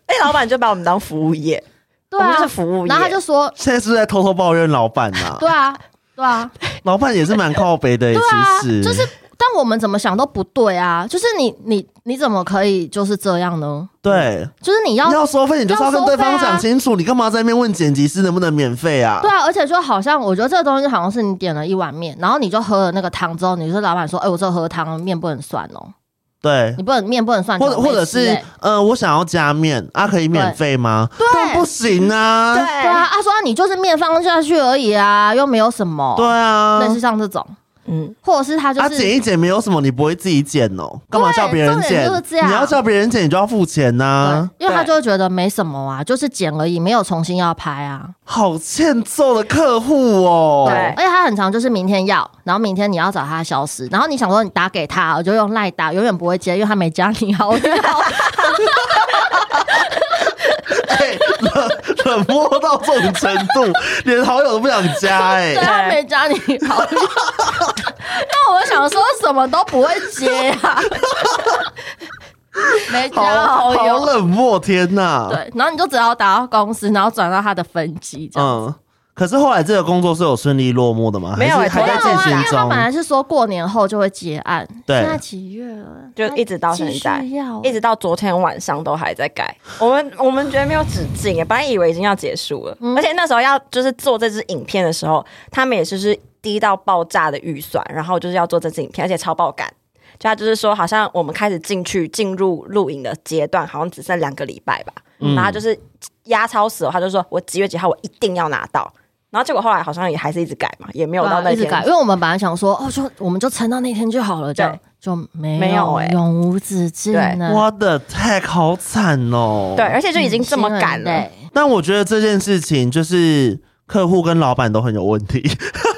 哎，老闆就把我們當服務業，對、啊，是服務業。然後他就說，現在是不是在偷偷抱怨老闆吶？對啊，對啊，老闆也是蠻靠北的、欸，其實、啊、就是。但我們怎麼想都不對啊！就是你你你怎麼可以就是這樣呢？對，就是你要要收費，你就是要跟對方講清楚。你幹嘛在那邊問剪輯師能不能免費啊？對啊，而且就好像我覺得這個東西好像是你點了一碗麵，然後你就喝了那個湯之後，你說老板說：“哎，我這喝湯麵不能算哦。”對，你不能麵不能算，或者或者是呃，我想要加麵，啊可以免費嗎？對，不行啊！對啊，他說你就是麵放下去而已啊，又沒有什麼。對啊，類似像這種。嗯，或者是他就是他、啊、剪一剪沒有什麼，你不會自己剪哦，喔，幹對嘛叫別人剪？你要叫別人剪，你就要付錢呢，啊。因為他就會覺得沒什麼啊，對就是剪而已，沒有重新要拍啊。好欠揍的客戶哦，喔！對，對而且他很長，就是明天要，然後明天你要找他消失，然後你想說你打給他，我就用賴打，永遠不會接，因為他沒加你好。對。冷漠到這種程度， 連好友都不想加哎、欸！對，他沒加你好 豪友，那 我就想說什麼都不會接啊。 沒加好友，好好冷漠，天啊。對，然後你就只要打到公司，然後轉到他的分機這樣子。嗯可是後來這個工作是有順利落幕的嗎？沒有，還，還在進行中。啊、因為他本來是說過年後就會結案，對，現在幾月了？就一直到現在，啊、一直到昨天晚上都還在改。我們我們覺得沒有止境， 本來以為已經要結束了，嗯、而且那時候要就是做這支影片的時候，他們也就是低到爆炸的預算，然後就是要做這支影片，而且超爆感。就他就是說，好像我們開始進去進入錄影的階段，好像只剩兩個禮拜吧。嗯、然後就是壓超死，他就說我幾月幾號我一定要拿到。然後結果後來好像也還是一直改嘛，也沒有到那天。啊、一直改，因為我們本來想說，哦、喔，說我們就撐到那天就好了，這樣對就沒有永無止境，欸。對，What the heck，好慘哦、喔。對，而且就已經這麼趕了。但我覺得這件事情就是客戶跟老闆都很有問題。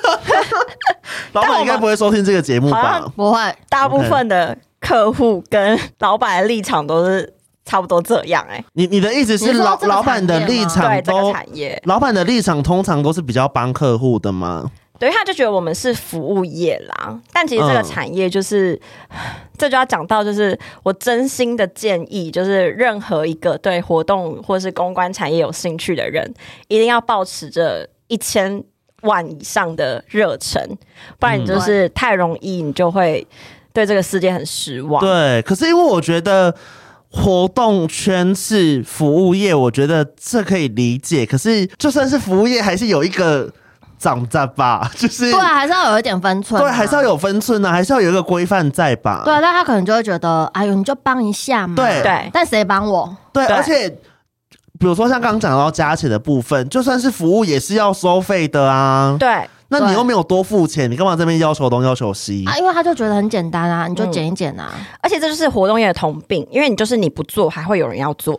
老闆應該不會收聽這個節目吧？ 不會。Okay. 大部分的客戶跟老闆的立場都是。差不多這樣哎、欸，你你的意思是老老闆的立場對、這個產業，老闆的立場通常都是比較幫客戶的嗎？對，他就覺得我們是服務業啦。但其實這個產業就是，嗯、這就要講到，就是我真心的建議，就是任何一個對活動或是公關產業有興趣的人，一定要保持着一千萬以上的熱忱，不然你就是太容易，你就會對這個世界很失望。對，可是因為我覺得。活動圈是服務業，我覺得這可以理解。可是就算是服務業，還是有一個長在吧，就是對啊，還是要有一點分寸，啊，對，啊，還是要有分寸的，啊，還是要有一個規範在吧？對啊，但他可能就會覺得，哎呦，你就幫一下嘛，對對。但誰幫我？對，對，而且比如說像剛講到加錢的部分，就算是服務也是要收費的啊，對。那你又沒有多付錢，對你幹嘛這邊要求東要求西啊？因為他就覺得很簡單啊，你就剪一剪啊、嗯。而且這就是活動業的通病，因為你就是你不做，還會有人要做。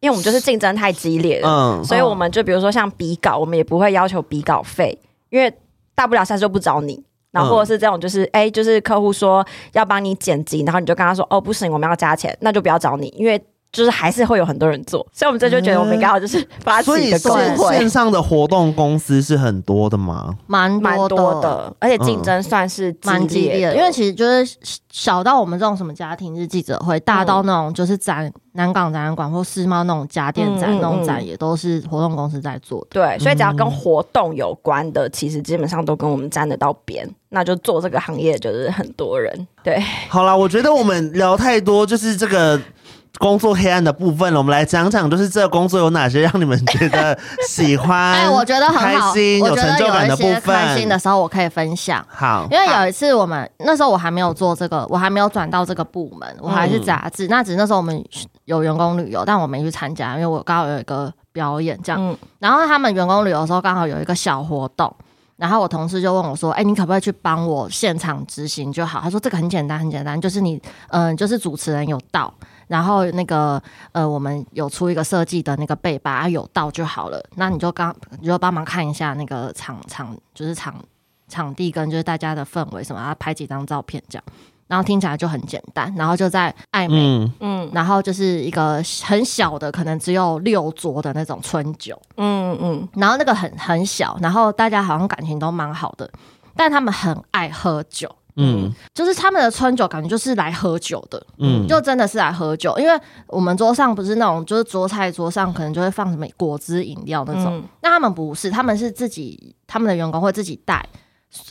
因為我們就是競爭太激烈了，嗯、所以我們就比如說像比稿，嗯、我們也不會要求比稿費，因為大不了下次就不找你。然後或者是這種就是哎、嗯欸，就是客戶說要幫你剪輯，然後你就跟他說哦不行，我們要加錢，那就不要找你，因為。就是還是會有很多人做，所以我們這就覺得我們剛好就是把它一個工線上的活動公司是很多的嗎？蠻蠻多的，多的。而且競爭算是蠻激烈的。嗯、烈的，因為其實就是小到我們這種什麼家庭日、記者會，大到那種就是展南港展覽館或世貿那種家電展、嗯、那種展，也都是活動公司在做的。對，所以只要跟活動有關的，嗯、其實基本上都跟我們沾得到邊，那就做這個行業就是很多人。對，好了，我覺得我們聊太多，就是這個工作黑暗的部分了，我們來講講，就是這個工作有哪些讓你們覺得喜歡？ 哎，我覺得很好，開心，有成就感的部分。開心的時候，我可以分享。好，因為有一次我們好那時候我還沒有做這個，我還沒有轉到這個部門，我還是雜誌。嗯、那只是那時候我們有員工旅遊，但我沒去參加，因為我剛好有一個表演這樣。嗯、然後他們員工旅遊的時候，剛好有一個小活動，然後我同事就問我說：“哎、欸，你可不可以去幫我現場執行就好？”他說：“這個很簡單，很簡單，就是你，嗯，就是主持人有到。”然後那個呃，我們有出一個設計的那個背板，把它有到就好了。那你就剛你就幫忙看一下那個場場，就是場場地跟就是大家的氛圍什麼，然後拍幾張照片這樣。然後聽起來就很簡單，然後就在曖昧，嗯，然後就是一個很小的，可能只有六桌的那種春酒，嗯嗯。嗯，然後那個很很小，然後大家好像感情都蠻好的，但他們很愛喝酒。嗯，就是他們的春酒，感覺就是來喝酒的。嗯，就真的是來喝酒，因為我們桌上不是那種，就是桌菜桌上可能就會放什麼果汁飲料那種。那、嗯、他們不是，他們是自己，他們的員工會自己帶，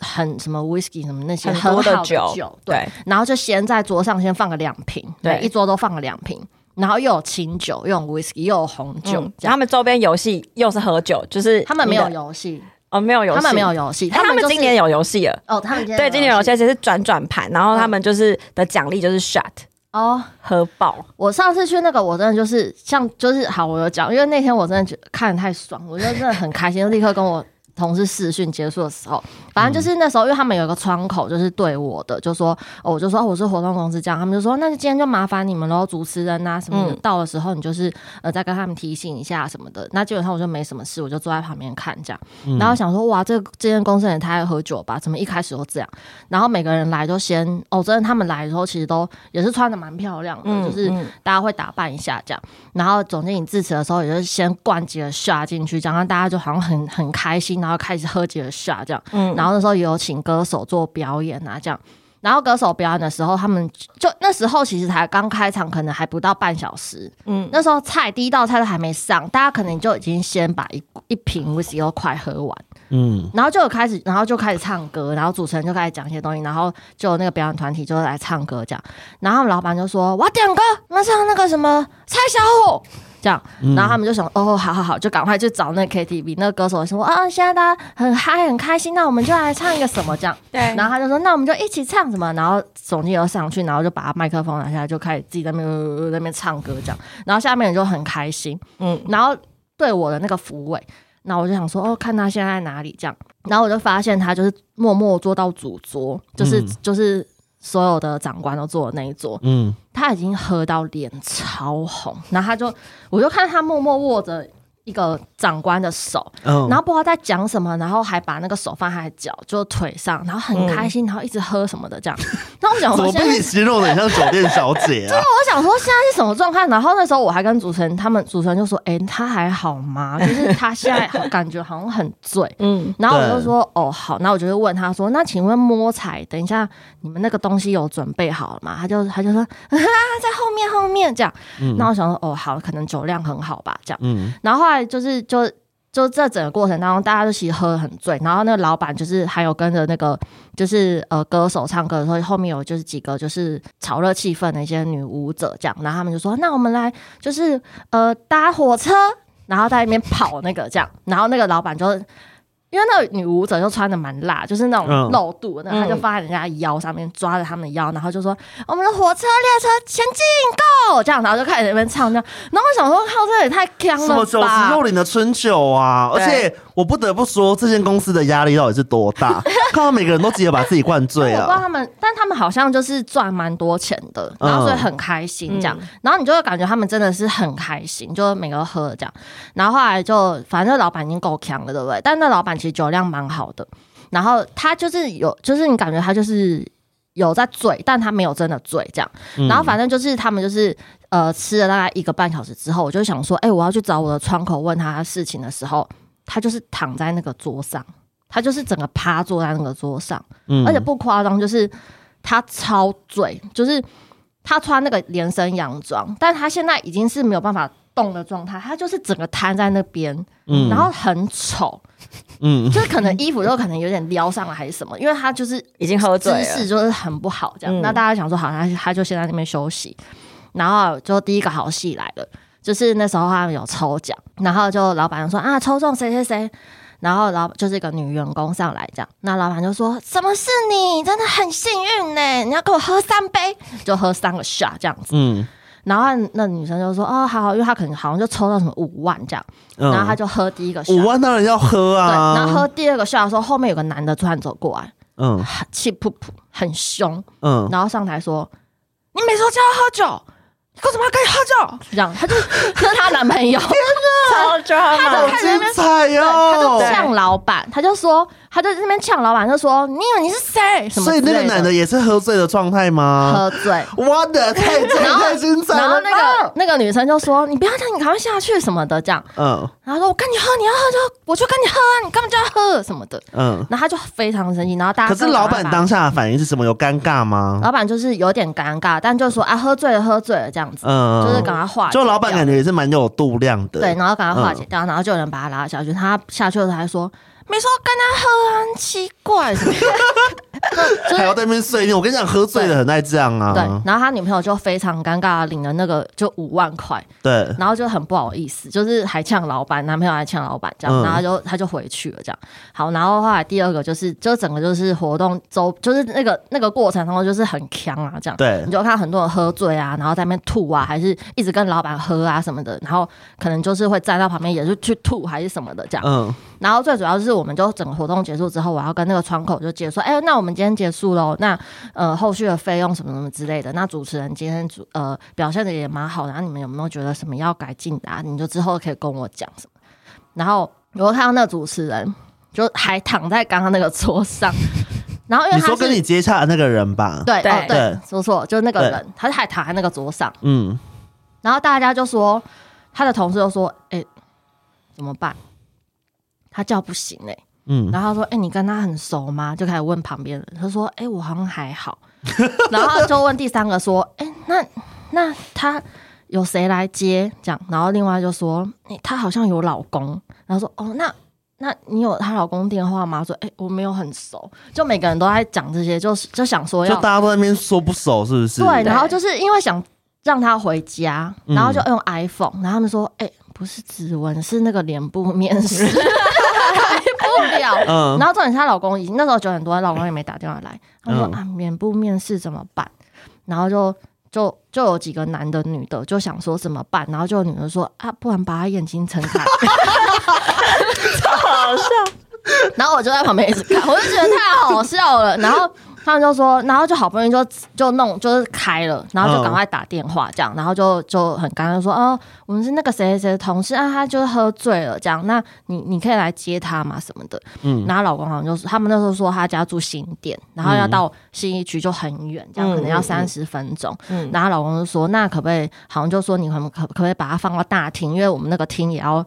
很什麼 whisky 什麼那些的喝的酒，對。對然後就先在桌上先放個兩瓶，對，對一桌都放了兩瓶。然後又有清酒，又有 whisky，又有紅酒。然後、嗯、樣他們周邊遊戲又是喝酒，就是他們沒有遊戲。哦，沒有遊戲，他們沒有遊戲，就是欸，他們今年有遊戲了。哦，他們今對今年有遊戲，其實是轉轉盤，然後他們就是的獎勵就是 shot 哦，喝爆。我上次去那個，我真的就是像就是好，我有講，因為那天我真的覺得看得太爽，我就真的很開心， 就立刻跟我。同事試訓結束的時候，反正就是那時候，因為他們有一個窗口，就是對我的，嗯、就說、哦，我就說、哦、我是活動公司這樣，他們就說，那今天就麻煩你們嘍，主持人啊什麼，到的時候你就是呃再跟他們提醒一下什麼的。那基本上我就沒什麼事，我就坐在旁邊看這樣。然後想說，哇，這這間公司也太愛喝酒吧，怎麼一開始就這樣？然後每個人來都先，哦，真的，他們來的時候其實都也是穿的蠻漂亮的，嗯、就是大家會打扮一下這樣。然後總經理致辭的時候，也就是先灌幾個下進去，這樣大家就好像很很開心。然後開始喝幾下這樣，嗯，然後那時候有請歌手做表演啊，這樣，然後歌手表演的時候，他們就那時候其實才剛開場，可能還不到半小時，嗯，那時候菜第一道菜都還沒上，大家可能就已經先把一一瓶威士忌都快喝完，嗯，然後就有開始，然後就開始唱歌，然後主持人就開始講一些東西，然後就有那個表演團體就來唱歌這樣，然後老闆就說我要點歌，那唱那個什麼蔡小虎，這樣，然後他們就想，嗯、哦，好好好，就趕快去找那個 KTV 那個歌手說麼啊、哦！現在大家很嗨很開心，那我們就來唱一個什麼這樣？對。然後他就說，那我們就一起唱什麼？然後總經理上去，然後就把麥克風拿下來，就開始自己在那邊、呃呃呃、在那邊唱歌這樣。然後下面人就很開心，嗯。然後對我的那個撫慰。那我就想說，哦，看他現在，在哪裡這樣？然後我就發現他就是默默坐到主桌，就是、嗯、就是。所有的長官都坐那一桌，嗯，他已經喝到臉超紅，然後他就，我就看他默默握着。一個長官的手，嗯、然後不知道在講什麼，然後還把那個手放在腳，就腿上，然後很開心，嗯、然後一直喝什麼的這樣。那 我想說，怎麼被你形容的很像酒店小姐、啊？ 就是我想說現在是什麼狀態？然後那時候我還跟主持人他們，主持人就說：“哎、欸，他還好嗎？就是他現在感覺好像很醉。嗯”然後我就說：“對哦，好。”那我就會問他說：“那請問摸彩，等一下你們那個東西有準備好了嗎？”他就他就說：“啊、在後面後面這樣。嗯”那我想說：“哦，好，可能酒量很好吧？”這樣。嗯、然後後來。就是就就這整個過程當中，大家都其實喝得很醉，然後那個老闆就是還有跟着那個就是呃歌手唱歌的時候，後面有就是幾個就是炒熱氣氛的一些女舞者這樣，然後他們就說：“那我們來就是呃搭火車，然後在那邊跑那個這樣。”然後那個老闆就。因為那個女舞者就穿的蠻辣的，就是那種露肚，那個，然後她、嗯、就放在人家腰上面，嗯、抓着他們的腰，然後就說：“我們的火車列車前進 Go！” 這樣，然後就開始在那邊唱這樣，然後我想說，靠這也太強了吧！什麼九十的春酒啊！對而且我不得不說，這間公司的壓力到底是多大？ 看到每個人都直接把自己灌醉了。 我不知道他們，但他們好像就是賺蠻多錢的，然後所以很開心這樣。嗯、然後你就會感覺他們真的是很開心，就是每個喝這樣。然後後來就反正那老闆已經夠強了，對不對？但那老闆。其實酒量蠻好的，然後他就是有，就是你感覺他就是有在醉，但他沒有真的醉這樣。嗯、然後反正就是他們就是呃吃了大概一個半小時之後，我就想說，哎、欸，我要去找我的窗口問他事情的時候，他就是躺在那個桌上，他就是整個趴坐在那個桌上，嗯、而且不誇張，就是他超醉，就是他穿那個連身洋裝，但他現在已經是沒有辦法動的狀態，他就是整個癱在那邊，然後很醜。嗯 嗯， 就是可能衣服都可能有點撩上了還是什麼，因為他就是已經喝醉了，姿勢就是很不好這樣。那大家想說，好像他就先在那邊休息。然後就第一個好戲來了，就是那時候他們有抽獎，然後就老闆說啊，抽中誰誰誰，然後老就是一個女員工上來這樣，那老闆就說，什麼是你，真的很幸運呢？欸，你要跟我喝三杯，就喝三個 shot 這樣子，嗯。 然後那女生就說：“哦還好，因為她可能好像就抽到什麼五萬這樣，嗯、然後她就喝第一個。”五萬當然要喝啊！對，然後喝第二個笑的時候，後面有個男的突然走過來，嗯，氣噗噗，很兇，嗯，然後上台說：“你沒說叫她喝酒，你為什麼要跟她喝酒？”這樣，她就那她 男朋友，真的 超拽，哦，他都開始那邊她就像老闆，她就說。他就在那邊嗆老板，就說：“你以為你是誰？什麼之類的。所以那個男的也是喝醉的狀態嗎？喝醉，我的太真太, 後太精彩了。然後那個那個女生就說：‘你不要這樣，你趕快下去什麼的。’這樣，嗯。然後說：‘我跟你喝，你要喝就我就跟你喝啊，你幹嘛就要喝什麼的。’嗯。然後他就非常生氣，然後大家可是老板當下的反應是什麼？有尷尬嗎？嗯、老板就是有點尷尬，但就說啊，喝醉了，喝醉了這樣子，嗯，就是趕快化就老板感覺也是蠻有度量的，對。然後趕快化解掉，嗯、然後就有人把他拉下去。他下去的時候還說。沒說跟他喝、啊、很奇怪是不是？ 就是、還要在那邊睡，我跟你講，喝醉了很愛這樣啊。對，然後他女朋友就非常尷尬，領了那個就五萬塊，對，然後就很不好意思，就是還嗆老闆，男朋友還嗆老闆，這樣，然後就、嗯、他就回去了。這樣，好，然後後來第二個就是，就整個就是活動週，就是那個那個過程當中就是很鏘啊，這樣，對，你就看很多人喝醉啊，然後在那邊吐啊，還是一直跟老闆喝啊什麼的，然後可能就是會站到旁邊，也是去吐還是什麼的這樣，嗯，然後最主要是，我們就整個活動結束之後，我要跟那個窗口就解釋說，哎、欸，那我們。我們今天結束嘍，那呃，後續的費用什麼什麼之類的，那主持人今天主呃表現的也蠻好的，後、啊、你們有沒有覺得什麼要改進的、啊？你就之後可以跟我講什麼。然後我看到那個主持人就還躺在剛剛那個桌上， 然後你說跟你接洽的那個人吧，對對，說錯，就是、那個人，對他還躺在那個桌上，嗯對。然後大家就說，他的同事就說：“哎、欸，怎麼辦？他叫不醒哎、欸。”嗯，然後說，哎、欸，你跟他很熟嗎？就開始問旁邊人。他說，哎、欸，我好像還好。 然後就問第三個說，哎、欸，那那他有誰來接？這樣，然後另外就說、欸，他好像有老公。然後說，哦，那那你有她老公電話嗎？說，哎、欸，我沒有很熟。就每個人都在講這些，就就想說要，就大家都在那邊說不熟，是不是？對。對然後就是因為想讓他回家，然後就用 iPhone。嗯、然後他們說，哎、欸，不是指紋，是那個臉部面試。 掉， 然後重點是她老公已經那時候九點多，她老公也沒打電話來。他說、oh. 啊，面不面試怎麼辦？然後就就就有幾個男的女的就想說怎麼辦？然後就有女的說啊，不然把他眼睛撐開， 好笑。 然後我就在旁邊一直看，我就覺得太好笑了。 然後。他們就說，然後就好不容易就就弄，就是開了，然後就趕快打電話這樣，哦、然後就就很乾脆說，哦，我們是那個誰誰的同事，啊、他就喝醉了這樣，那你你可以來接他嘛什麼的。嗯、然後老公好像就是他們那時候說他家住新店，然後要到信義區就很遠，這樣、嗯、可能要三十分鐘。嗯嗯然後老公就說，那可不可以，好像就說你可可不可以把他放到大廳，因為我們那個廳也要。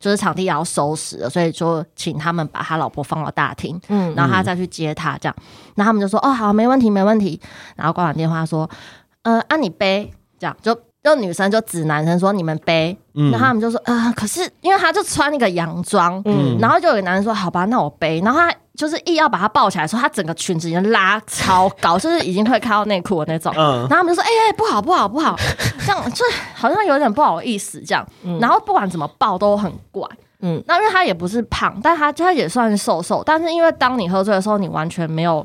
就是場地也要收拾了，所以就請他們把他老婆放到大廳，嗯、然後他再去接他，這樣。嗯、然後他們就說：“哦，好，沒問題，沒問題。”然後掛完電話說：“嗯、呃，按、啊、你背。”這樣就，那女生就指男生說：“你們背。嗯”然後他們就說：“啊、呃，可是因為他就穿那個洋裝，嗯，然後就有個男生說：‘好吧，那我背。’然後他。”就是一要把她她抱起來的時候，整個裙子已經拉超高， 就是已經快開看到內褲的那種。 然後他們就說：“哎、欸、哎、欸，不好不好不好！”不好 這樣就好像有點不好意思這樣。嗯，然後不管怎麼抱都很怪。嗯，那因為他也不是胖，但他她也算瘦瘦，但是因為當你喝醉的時候，你完全沒有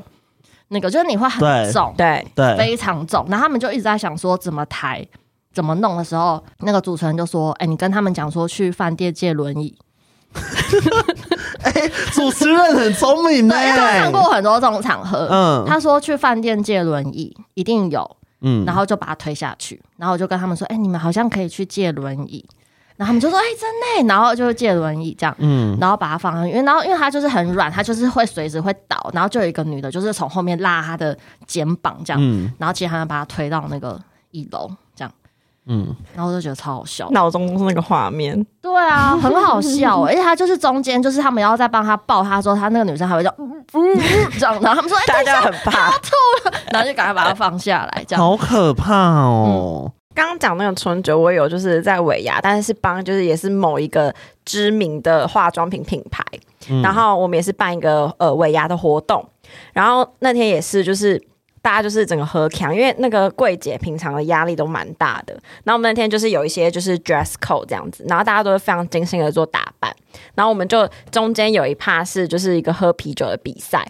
那個，就是你會很重，對對，非常重。然後他們就一直在想說怎麼抬、怎麼弄的時候，那個主持人就說：“哎、欸，你跟他們講說去飯店借輪椅。”哎、 欸，主持人很聰明，哎、欸，對，我看過很多這種場合。嗯，他說去飯店借輪椅一定有，嗯，然後就把他推下去，嗯、然後我就跟他們說，哎、欸，你們好像可以去借輪椅，然後他們就說，哎、欸，真的、欸，然後就借輪椅這樣，嗯，然後把他放上去，因為然後因為他就是很軟，他就是會隨時會倒，然後就有一個女的，就是從後面拉他的肩膀這樣，嗯、然後其他人把他推到那個一樓。嗯，然後我就覺得超好笑，腦中那個畫面，對啊，很好笑， 而且他就是中間就是他們要在幫他抱他時候，他那個女生還會叫，嗯嗯嗯，這樣，然後他們說大家很怕，欸、要吐了，然後就趕快把他放下來， 這樣好可怕哦。剛剛講那個春酒，我有就是在尾牙，但是是幫就是也是某一個知名的化妝品品牌，嗯、然後我們也是辦一個呃尾牙的活動，然後那天也是就是。大家就是整個喝，因為那個櫃姐平常的壓力都蠻大的。然後我們那天就是有一些就是 dress code 這樣子，然後大家都是非常精心的做打扮。然後我們就中間有一趴是就是一個喝啤酒的比賽，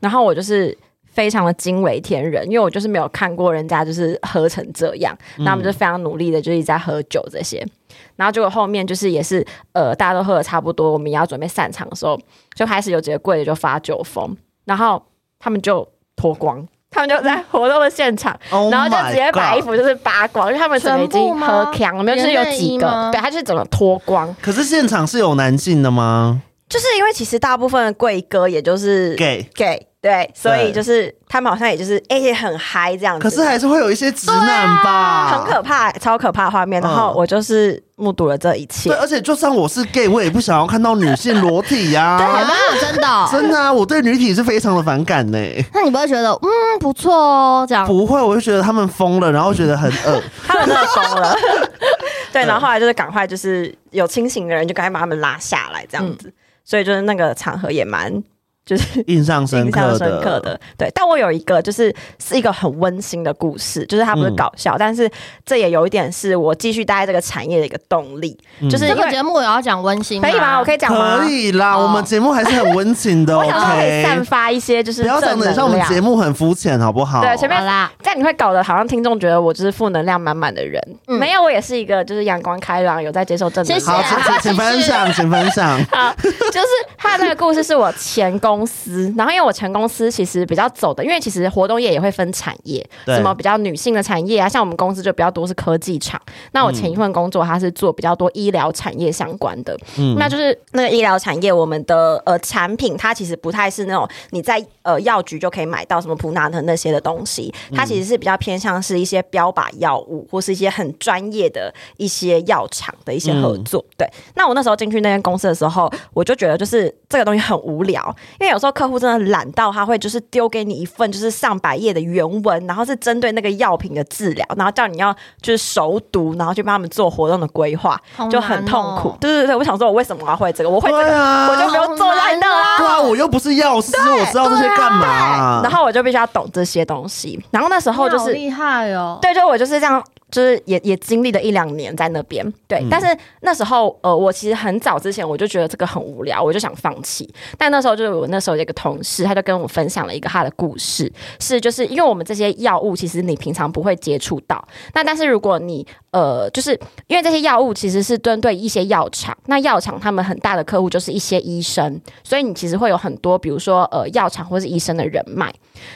然後我就是非常的驚為天人，因為我就是沒有看過人家就是喝成這樣。那我們就非常努力的就是一直在喝酒這些。嗯、然後結果後面就是也是呃大家都喝了差不多，我們也要準備散場的時候，就開始有幾個櫃姐就發酒瘋，然後他們就脫光。他們就在活動的現場，oh、然後就直接把衣服就是扒光，因為他們已經喝茫了，沒有，就是有幾個，對，他就是怎麼脫光？可是現場是有男性的嗎？就是因為其實大部分的貴哥也就是 gay gay。對，所以就是對他們好像也就是，哎、欸，很嗨這樣子。可是還是會有一些直男吧，啊、很可怕，欸，超可怕畫面。嗯、然後我就是目睹了這一切。對，而且就算我是 gay，我也不想要看到女性裸體呀，啊。 對嗎， 真的，真的，我對女體是非常的反感呢、欸。那你不會覺得，嗯，不錯哦，這樣不會，我就覺得他們瘋了，然後覺得很噁 他們真的瘋了。 對，然後後來就是趕快，就是有清醒的人就趕快把他們拉下來這樣子。嗯、所以就是那個場合也蠻。就是印象印象深刻的。對，但我有一個就是是一個很溫馨的故事，就是它不是搞笑，但是這也有一點是我繼續待在這個產業的一個動力。就是這個節目我要講溫馨，可以嗎？我可以講嗎？可以啦，我們節目還是很溫馨的。我想說可以散發一些就是正能量。不要講的像我們節目很膚淺好不好？對，隨便啦，這樣你會搞得好像聽眾覺得我就是負能量滿滿的人，沒有，我也是一個就是陽光開朗，有在接受正能量。好，請請分享，請分享。好，就是他這個故事是我前公。公司，然後因為我前公司其實比較走的，因為其實活動業也會分產業，什麼比較女性的產業啊，像我們公司就比較多是科技廠。那我前一份工作，它是做比較多醫療產業相關的，嗯、那就是那個醫療產業，我們的呃產品，它其實不太是那種你在呃藥局就可以買到什麼普拿疼的那些的東西，它其實是比較偏向是一些標靶藥物或是一些很專業的一些藥廠的一些合作。嗯、對，那我那時候進去那間公司的時候，我就覺得就是這個東西很無聊。因為有時候客戶真的懶到他會就是丟給你一份就是上百頁的原文，然後是針對那個藥品的治療，然後叫你要就是熟讀，然後去幫他們做活動的規劃，喔、就很痛苦。對對對，我想說，我為什麼要會這個？我會、這個、啊、我就不用坐在那、喔、啦。對啊，我又不是藥師，對我知道這些幹嘛、啊啊？然後我就必須要懂這些東西。然後那時候就是好厲害哦、喔。對，就我就是這樣。就是也也經歷了一兩年在那邊，對，嗯，但是那時候呃，我其實很早之前我就覺得這個很無聊，我就想放棄。但那時候就是我那時候有一個同事，他就跟我分享了一個他的故事，是就是因為我們這些藥物其實你平常不會接觸到，那但是如果你。呃，就是因為這些藥物其實是針對一些藥廠，那藥廠他們很大的客戶就是一些醫生，所以你其實會有很多，比如說呃，藥廠或是醫生的人脈。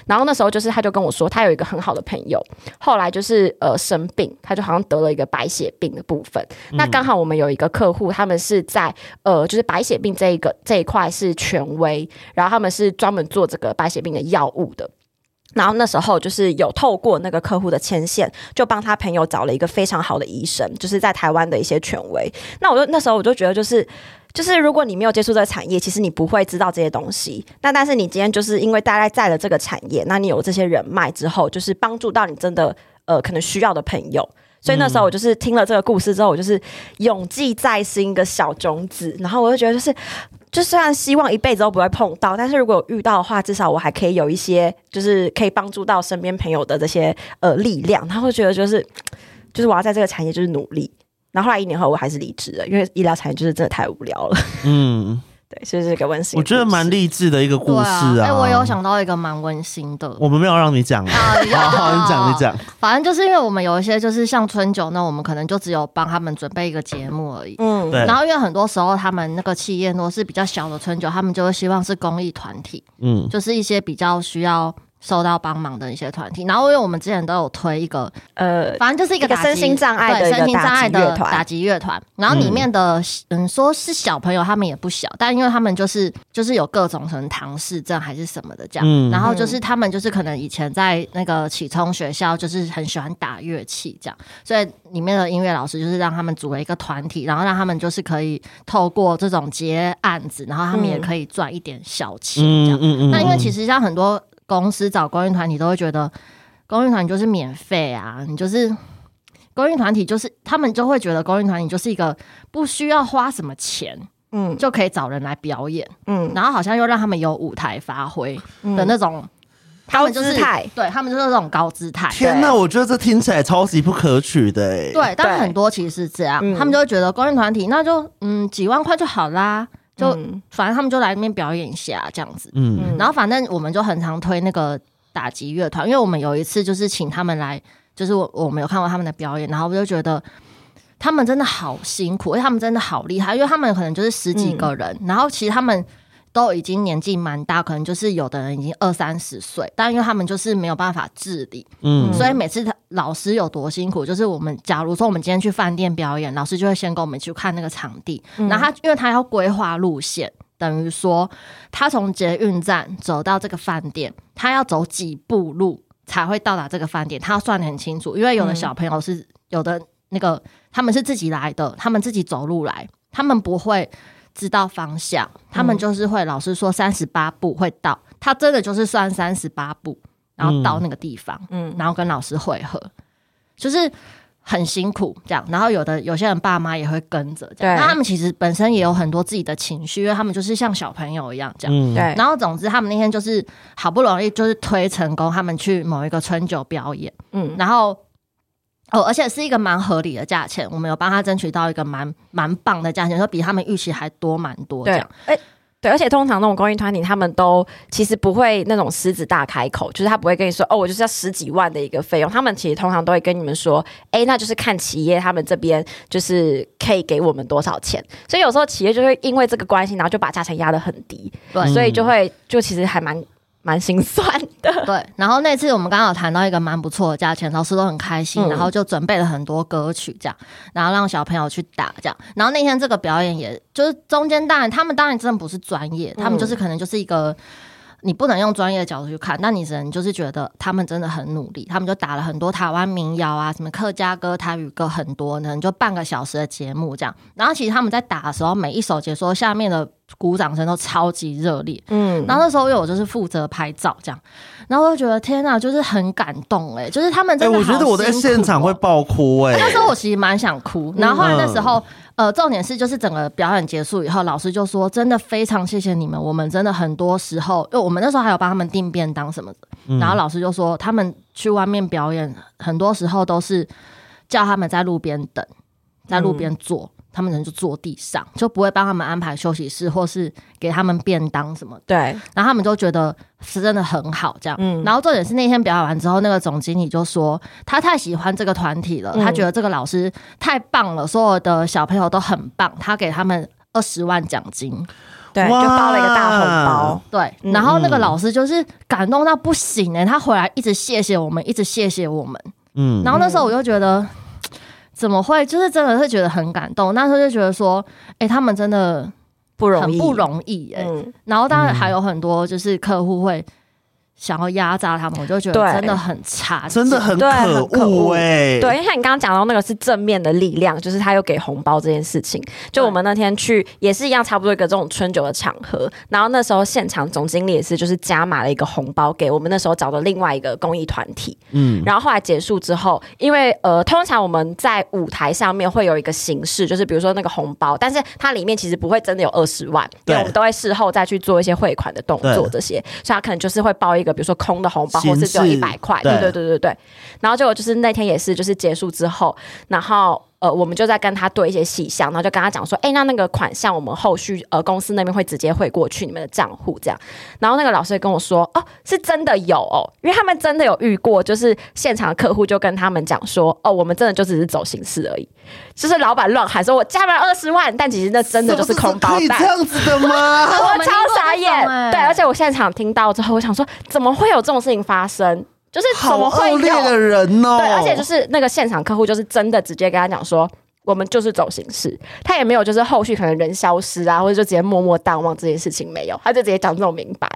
然後那時候就是，他就跟我說，他有一個很好的朋友，後來就是呃生病，他就好像得了一個白血病的部分。嗯。那剛好我們有一個客戶，他們是在呃就是白血病這一個這一塊是權威，然後他們是專門做這個白血病的藥物的。然後那時候就是有透過那個客戶的牽線，就幫他朋友找了一個非常好的醫生，就是在台灣的一些權威。那我就那時候我就覺得，就是就是如果你沒有接觸這個產業，其實你不會知道這些東西。那但是你今天就是因為大概在了這個產業，那你有這些人脈之後，就是幫助到你真的呃可能需要的朋友。所以那時候我就是聽了這個故事之後，嗯、我就是永記在心一個小種子。然後我就覺得就是，就雖然希望一輩子都不會碰到，但是如果遇到的話，至少我還可以有一些就是可以幫助到身邊朋友的這些呃力量。他會覺得就是，就是我要在這個產業就是努力。然後後來一年後我還是離職了，因為醫療產業就是真的太無聊了。嗯。對就是這個溫馨，我覺得蠻勵志的一個故事啊。哎、啊欸，我有想到一個蠻溫馨的，我們沒有讓你講啊。 好好，你講你講。 反正就是因為我們有一些，就是像春酒呢，我們可能就只有幫他們準備一個節目而已。嗯，對。然後因為很多時候他們那個企業如果是比較小的春酒，他們就會希望是公益團體，嗯，就是一些比較需要。收到幫忙的一些團體，然後因為我們之前都有推一個，呃，反正就是一個，打一個身心障礙的身心障礙的打擊樂團，嗯、然後裡面的嗯說是小朋友，他們也不小，但因為他們就是就是有各種可能唐氏症還是什麼的這樣，嗯、然後就是他們就是可能以前在那個啟聰學校就是很喜歡打樂器這樣，所以裡面的音樂老師就是讓他們組了一個團體，然後讓他們就是可以透過這種接案子，然後他們也可以賺一點小錢這樣。那因為其實像很多。公司找公益團體都會覺得公益團體就是免費啊，你就是公益團體就是他們就會覺得公益團體就是一個不需要花什麼錢，嗯，就可以找人來表演，嗯，然後好像又讓他們有舞台發揮的那種，嗯、高姿態，對，他們就是那種高姿態。天哪，對我覺得這聽起來超級不可取的。欸，對，但很多其實是這樣，嗯、他們就會覺得公益團體那就嗯，幾萬塊就好啦。就、嗯、反正他們就來那邊表演一下這樣子，嗯、然後反正我們就很常推那個打擊樂團，因為我們有一次就是請他們來，就是我我沒有看過他們的表演，然後我就覺得他們真的好辛苦，因為他們真的好厲害，因為他們可能就是十幾個人，嗯、然後其實他們。都已經年紀蠻大，可能就是有的人已經二三十歲，但因為他們就是沒有辦法自理，嗯，所以每次他老師有多辛苦，就是我們假如說我們今天去飯店表演，老師就會先跟我們去看那個場地，然後、嗯、他因為他要規劃路線，等於說他從捷運站走到這個飯店，他要走幾步路才會到達這個飯店，他要算得很清楚，因為有的小朋友是、嗯、有的那個他們是自己來的，他們自己走路來，他們不會知道方向，他們就是會老師說三十八步會到，嗯、他真的就是算三十八步，然後到那個地方，嗯，然後跟老師會合，就是很辛苦這樣。然後有的有些人爸媽也會跟着這樣，對，他們其實本身也有很多自己的情緒，因為他們就是像小朋友一樣這樣，嗯、對。然後總之他們那天就是好不容易就是推成功，他們去某一個春酒表演，嗯，然後。哦，而且是一個蠻合理的價錢，我們有幫他爭取到一個蠻蠻棒的價錢，比如說比他們預期還多蠻多這樣。哎、欸，對，而且通常那種公益團體，他們都其實不會那種獅子大開口，就是他不會跟你說，哦，我就是要十幾萬的一個費用。他們其實通常都會跟你們說，哎、欸，那就是看企業他們這邊就是可以給我們多少錢。所以有時候企業就會因為這個關係，然後就把價錢壓得很低，對，所以就會、嗯、就其實還蠻。蠻心酸的，對。然後那次我們剛好談到一個蠻不錯的價錢，老師都很開心，然後就準備了很多歌曲，這樣，然後讓小朋友去打，這樣。然後那天這個表演也，也就是中間當然他們當然真的不是專業，他們就是可能就是一個。你不能用專業的角度去看，那你只能就是覺得他們真的很努力，他們就打了很多台灣民謠啊，什麼客家歌、台語歌很多，可就半個小時的節目這樣。然後其實他們在打的時候，每一首解說下面的鼓掌聲都超級熱烈，嗯。然後那時候又我就是負責拍照，這樣，然後我就覺得天哪，就是很感動哎、欸，就是他們真的、喔，哎、欸，我覺得我在現場會爆哭哎、欸啊。那時候我其實蠻想哭，然後後來那時候。嗯呃，重點是就是整個表演結束以後，老師就說，真的非常謝謝你們，我們真的很多時候，因為我們那時候還有幫他們訂便當什麼的，嗯、然後老師就說，他們去外面表演，很多時候都是叫他們在路邊等，在路邊坐。嗯他們人就坐地上，就不會幫他們安排休息室，或是給他們便當什麼的。對，然後他們就覺得是真的很好，這樣。嗯，然後重點是那天表演完之後，那個總經理就說他太喜歡這個團體了，嗯、他覺得這個老師太棒了，所有的小朋友都很棒，他給他們二十萬獎金，哇對，就包了一個大紅包。哇對，然後那個老師就是感動到不行誒、欸，嗯、他回來一直謝謝我們，一直謝謝我們。嗯，然後那時候我就覺得。嗯怎麼會？就是真的是覺得很感動，那時候就覺得說，哎，欸，他們真的很不容易，欸，不容易哎。然後當然還有很多，就是客戶會。想要壓榨他們，我就覺得真的很差，對真的很可惡哎！對，欸、對，因為像你剛剛講到那個是正面的力量，就是他又給紅包這件事情。就我們那天去對也是一樣，差不多一個這種春酒的場合，然後那時候現場總經理也是就是加碼了一個紅包給我們，我們那時候找的另外一個公益團體。嗯，然後後來結束之後，因為呃，通常我們在舞台上面會有一個形式，就是比如說那個紅包，但是它裡面其實不會真的有二十萬，對，我們都會事後再去做一些匯款的動作對這些，所以它可能就是會包一一個比如說空的紅包，或者是只有一百塊，對，對對對對對。然後結果就是那天也是，就是結束之後，然後。呃，我們就在跟他對一些細項，然後就跟他講說，哎、欸，那那個款項我們後續呃公司那邊會直接匯過去你們的賬戶這樣。然後那個老師也跟我說，哦，是真的有哦，因為他們真的有遇過，就是現場的客戶就跟他們講說，哦，我們真的就只是走形式而已，就是老板亂喊說我加了二十萬，但其實那真的就是空包袋，這，這樣子的嗎？ 我超傻眼，欸、對，而且我現場聽到之後，我想說，怎麼會有這種事情發生？就是好惡劣的人哦。對，而且就是那個現場客戶，就是真的直接跟他講說，我們就是走形式，他也沒有就是後續可能人消失啊，或者就直接默默淡忘這件事情沒有，他就直接講這種明白。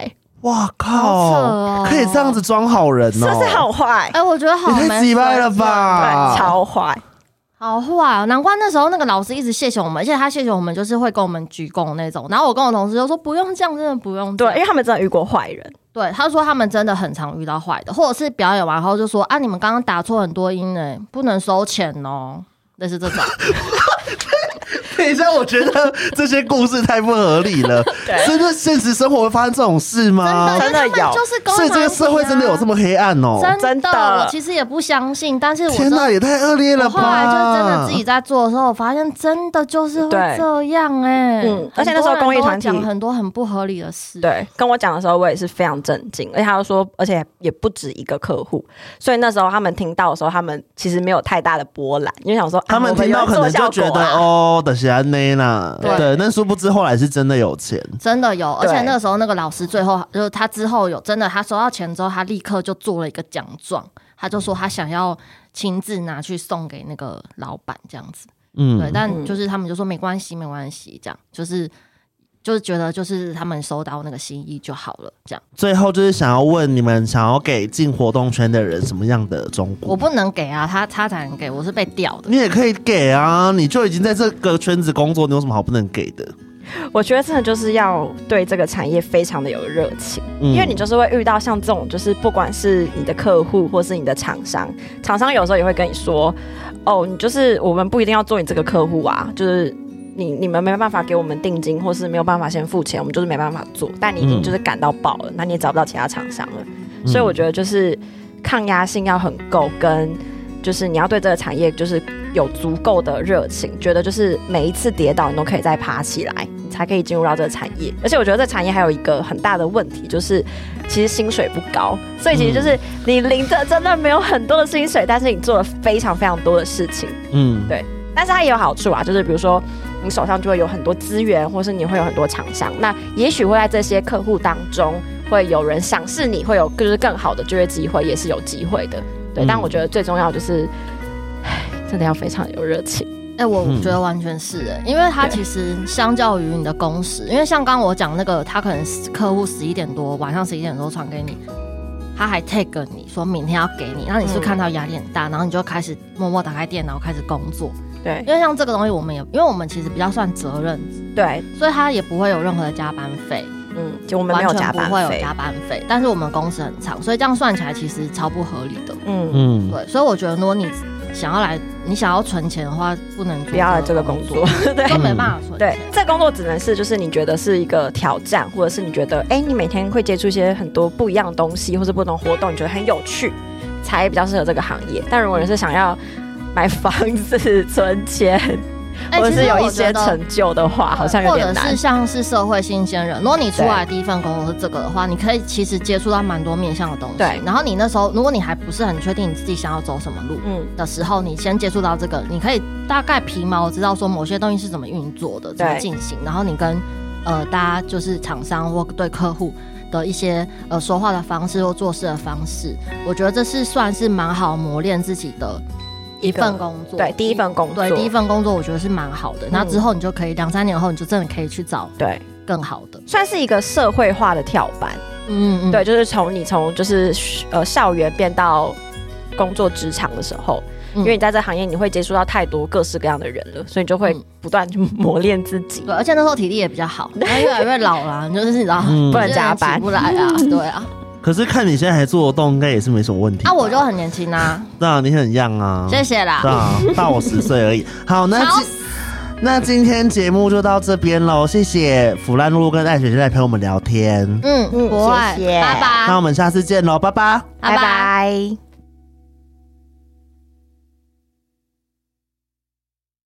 哇靠！哦、可以這樣子裝好人呢、哦？這是好壞？哎、欸，我覺得好你失敗了吧？對，超壞。好壞喔，難怪那時候那個老師一直謝謝我們，而且他謝謝我們就是會跟我們鞠躬那種。然後我跟我同事就說不用這樣，真的不用這樣。對，因為他們真的遇過壞人。對，他說他們真的很常遇到壞的，或者是表演完後就說啊，你們剛剛打錯很多音呢，不能收錢哦，那就是這種。 等一下，我覺得這些故事太不合理了。真的現實生活會發生這種事嗎？ 真的有，就是這個社會真的有這麼黑暗哦？真的，我其實也不相信。但是我天哪、啊，也太惡劣了吧！後來就是真的自己在做的時候，我發現真的就是會這樣哎、欸。嗯，而且那時候公益團體很多很不合理的事。對，跟我講的時候，我也是非常震驚。而且他就說，而且也不止一個客戶。所以那時候他們聽到的時候，他們其實沒有太大的波瀾，因為想說、啊啊、他們聽到可能就覺得哦。的些那呢？對，那殊不知後來是真的有錢，真的有。而且那時候，那個老師最後對就是他之後有真的，他收到錢之後，他立刻就做了一個獎狀，他就說他想要親自拿去送給那個老板這樣子。嗯，對。但就是他們就說沒關係，沒關係，這樣就是。就是覺得，就是他們收到那個心意就好了。這樣，最後就是想要問你們，想要給進活動圈的人什麼樣的忠告？我不能給啊，他他才能給，我是被調的。你也可以給啊，你就已經在這個圈子工作，你有什麼好不能給的？我覺得真的就是要對這個產業非常的有熱情，嗯、因為你就是會遇到像這種，就是不管是你的客戶，或是你的廠商，廠商有時候也會跟你說，哦，你就是我們不一定要做你這個客戶啊，就是。你你們沒辦法給我們定金，或是沒有辦法先付錢，我們就是沒辦法做。但你已經就是趕到爆了，嗯、那你也找不到其他廠商了。嗯、所以我覺得就是抗壓性要很夠，跟就是你要對這個產業就是有足夠的熱情，覺得就是每一次跌倒你都可以再爬起來，你才可以進入到這個產業。而且我覺得這個產業還有一個很大的問題就是，其實薪水不高，所以其實就是你領的真的沒有很多的薪水，嗯、但是你做了非常非常多的事情。嗯，對。但是它也有好處啊，就是比如說。你手上就會有很多資源，或是你會有很多廠商，那也許會在這些客戶當中會有人賞識你，會有就是更好的就業機會，也是有機會的。對，嗯、但我覺得最重要就是，真的要非常有熱情。哎、欸，我覺得完全是、欸，因為他其實相較於你的工時，對因為像剛我講那個，他可能客戶十一點多，晚上十一點多傳給你，他還 tag 你，說明天要給你，那你是看到壓力很大，然後你就開始默默打開電腦開始工作。對，因為像這個東西，我們也因為我們其實比較算責任制，對，所以他也不會有任何的加班費，嗯，就、嗯、我們沒有加班費，不會有加班費，但是我們工時很長，所以這樣算起來其實超不合理的，嗯嗯，對，所以我覺得如果你想要來，你想要存錢的話，不能不要來這個工作，對，都沒辦法存錢，嗯、對，這個、工作只能是就是你覺得是一個挑戰，或者是你覺得哎、欸，你每天會接觸一些很多不一樣的東西，或是不同活動，你覺得很有趣，才比較適合這個行業。但如果你是想要。買房子、存錢、欸，或者是有一些成就的話，好像有點難。或者是像是社會新鮮人，如果你出來的第一份工作是這個的話，對你可以其實接觸到蠻多面向的東西。對然後你那時候，如果你還不是很確定你自己想要走什麼路、嗯、的時候，你先接觸到這個，你可以大概皮毛知道說某些東西是怎麼運作的、對怎麼進行。然後你跟呃大家就是廠商或對客戶的一些呃說話的方式或做事的方式，我覺得這是算是蠻好磨練自己的。一份工作，對第一份工作，對第一份工作，我覺得是蠻好的。然後之後你就可以兩三年後，你就真的可以去找對更好的，算是一個社會化的跳板。嗯，對，就是從你從就是呃校園變到工作職場的時候，因為你在這行業你會接觸到太多各式各樣的人了，所以你就會不斷去磨練自己。對，而且那時候體力也比較好，然後越來越老了，你就是你知道不能加班，起不來啊，對啊。可是看你現在還做活動，應該也是沒什麼問題。那、啊、我就很年輕啊！ 對啊，你很 young 啊！謝謝啦！是 啊，大我十歲而已。好，那好那今天節目就到這邊嘍。謝謝腐爛露露跟艾雪雪來陪我們聊天。嗯嗯，嗯不會謝謝，拜 bye 那我們下次見嘍，拜拜，拜拜。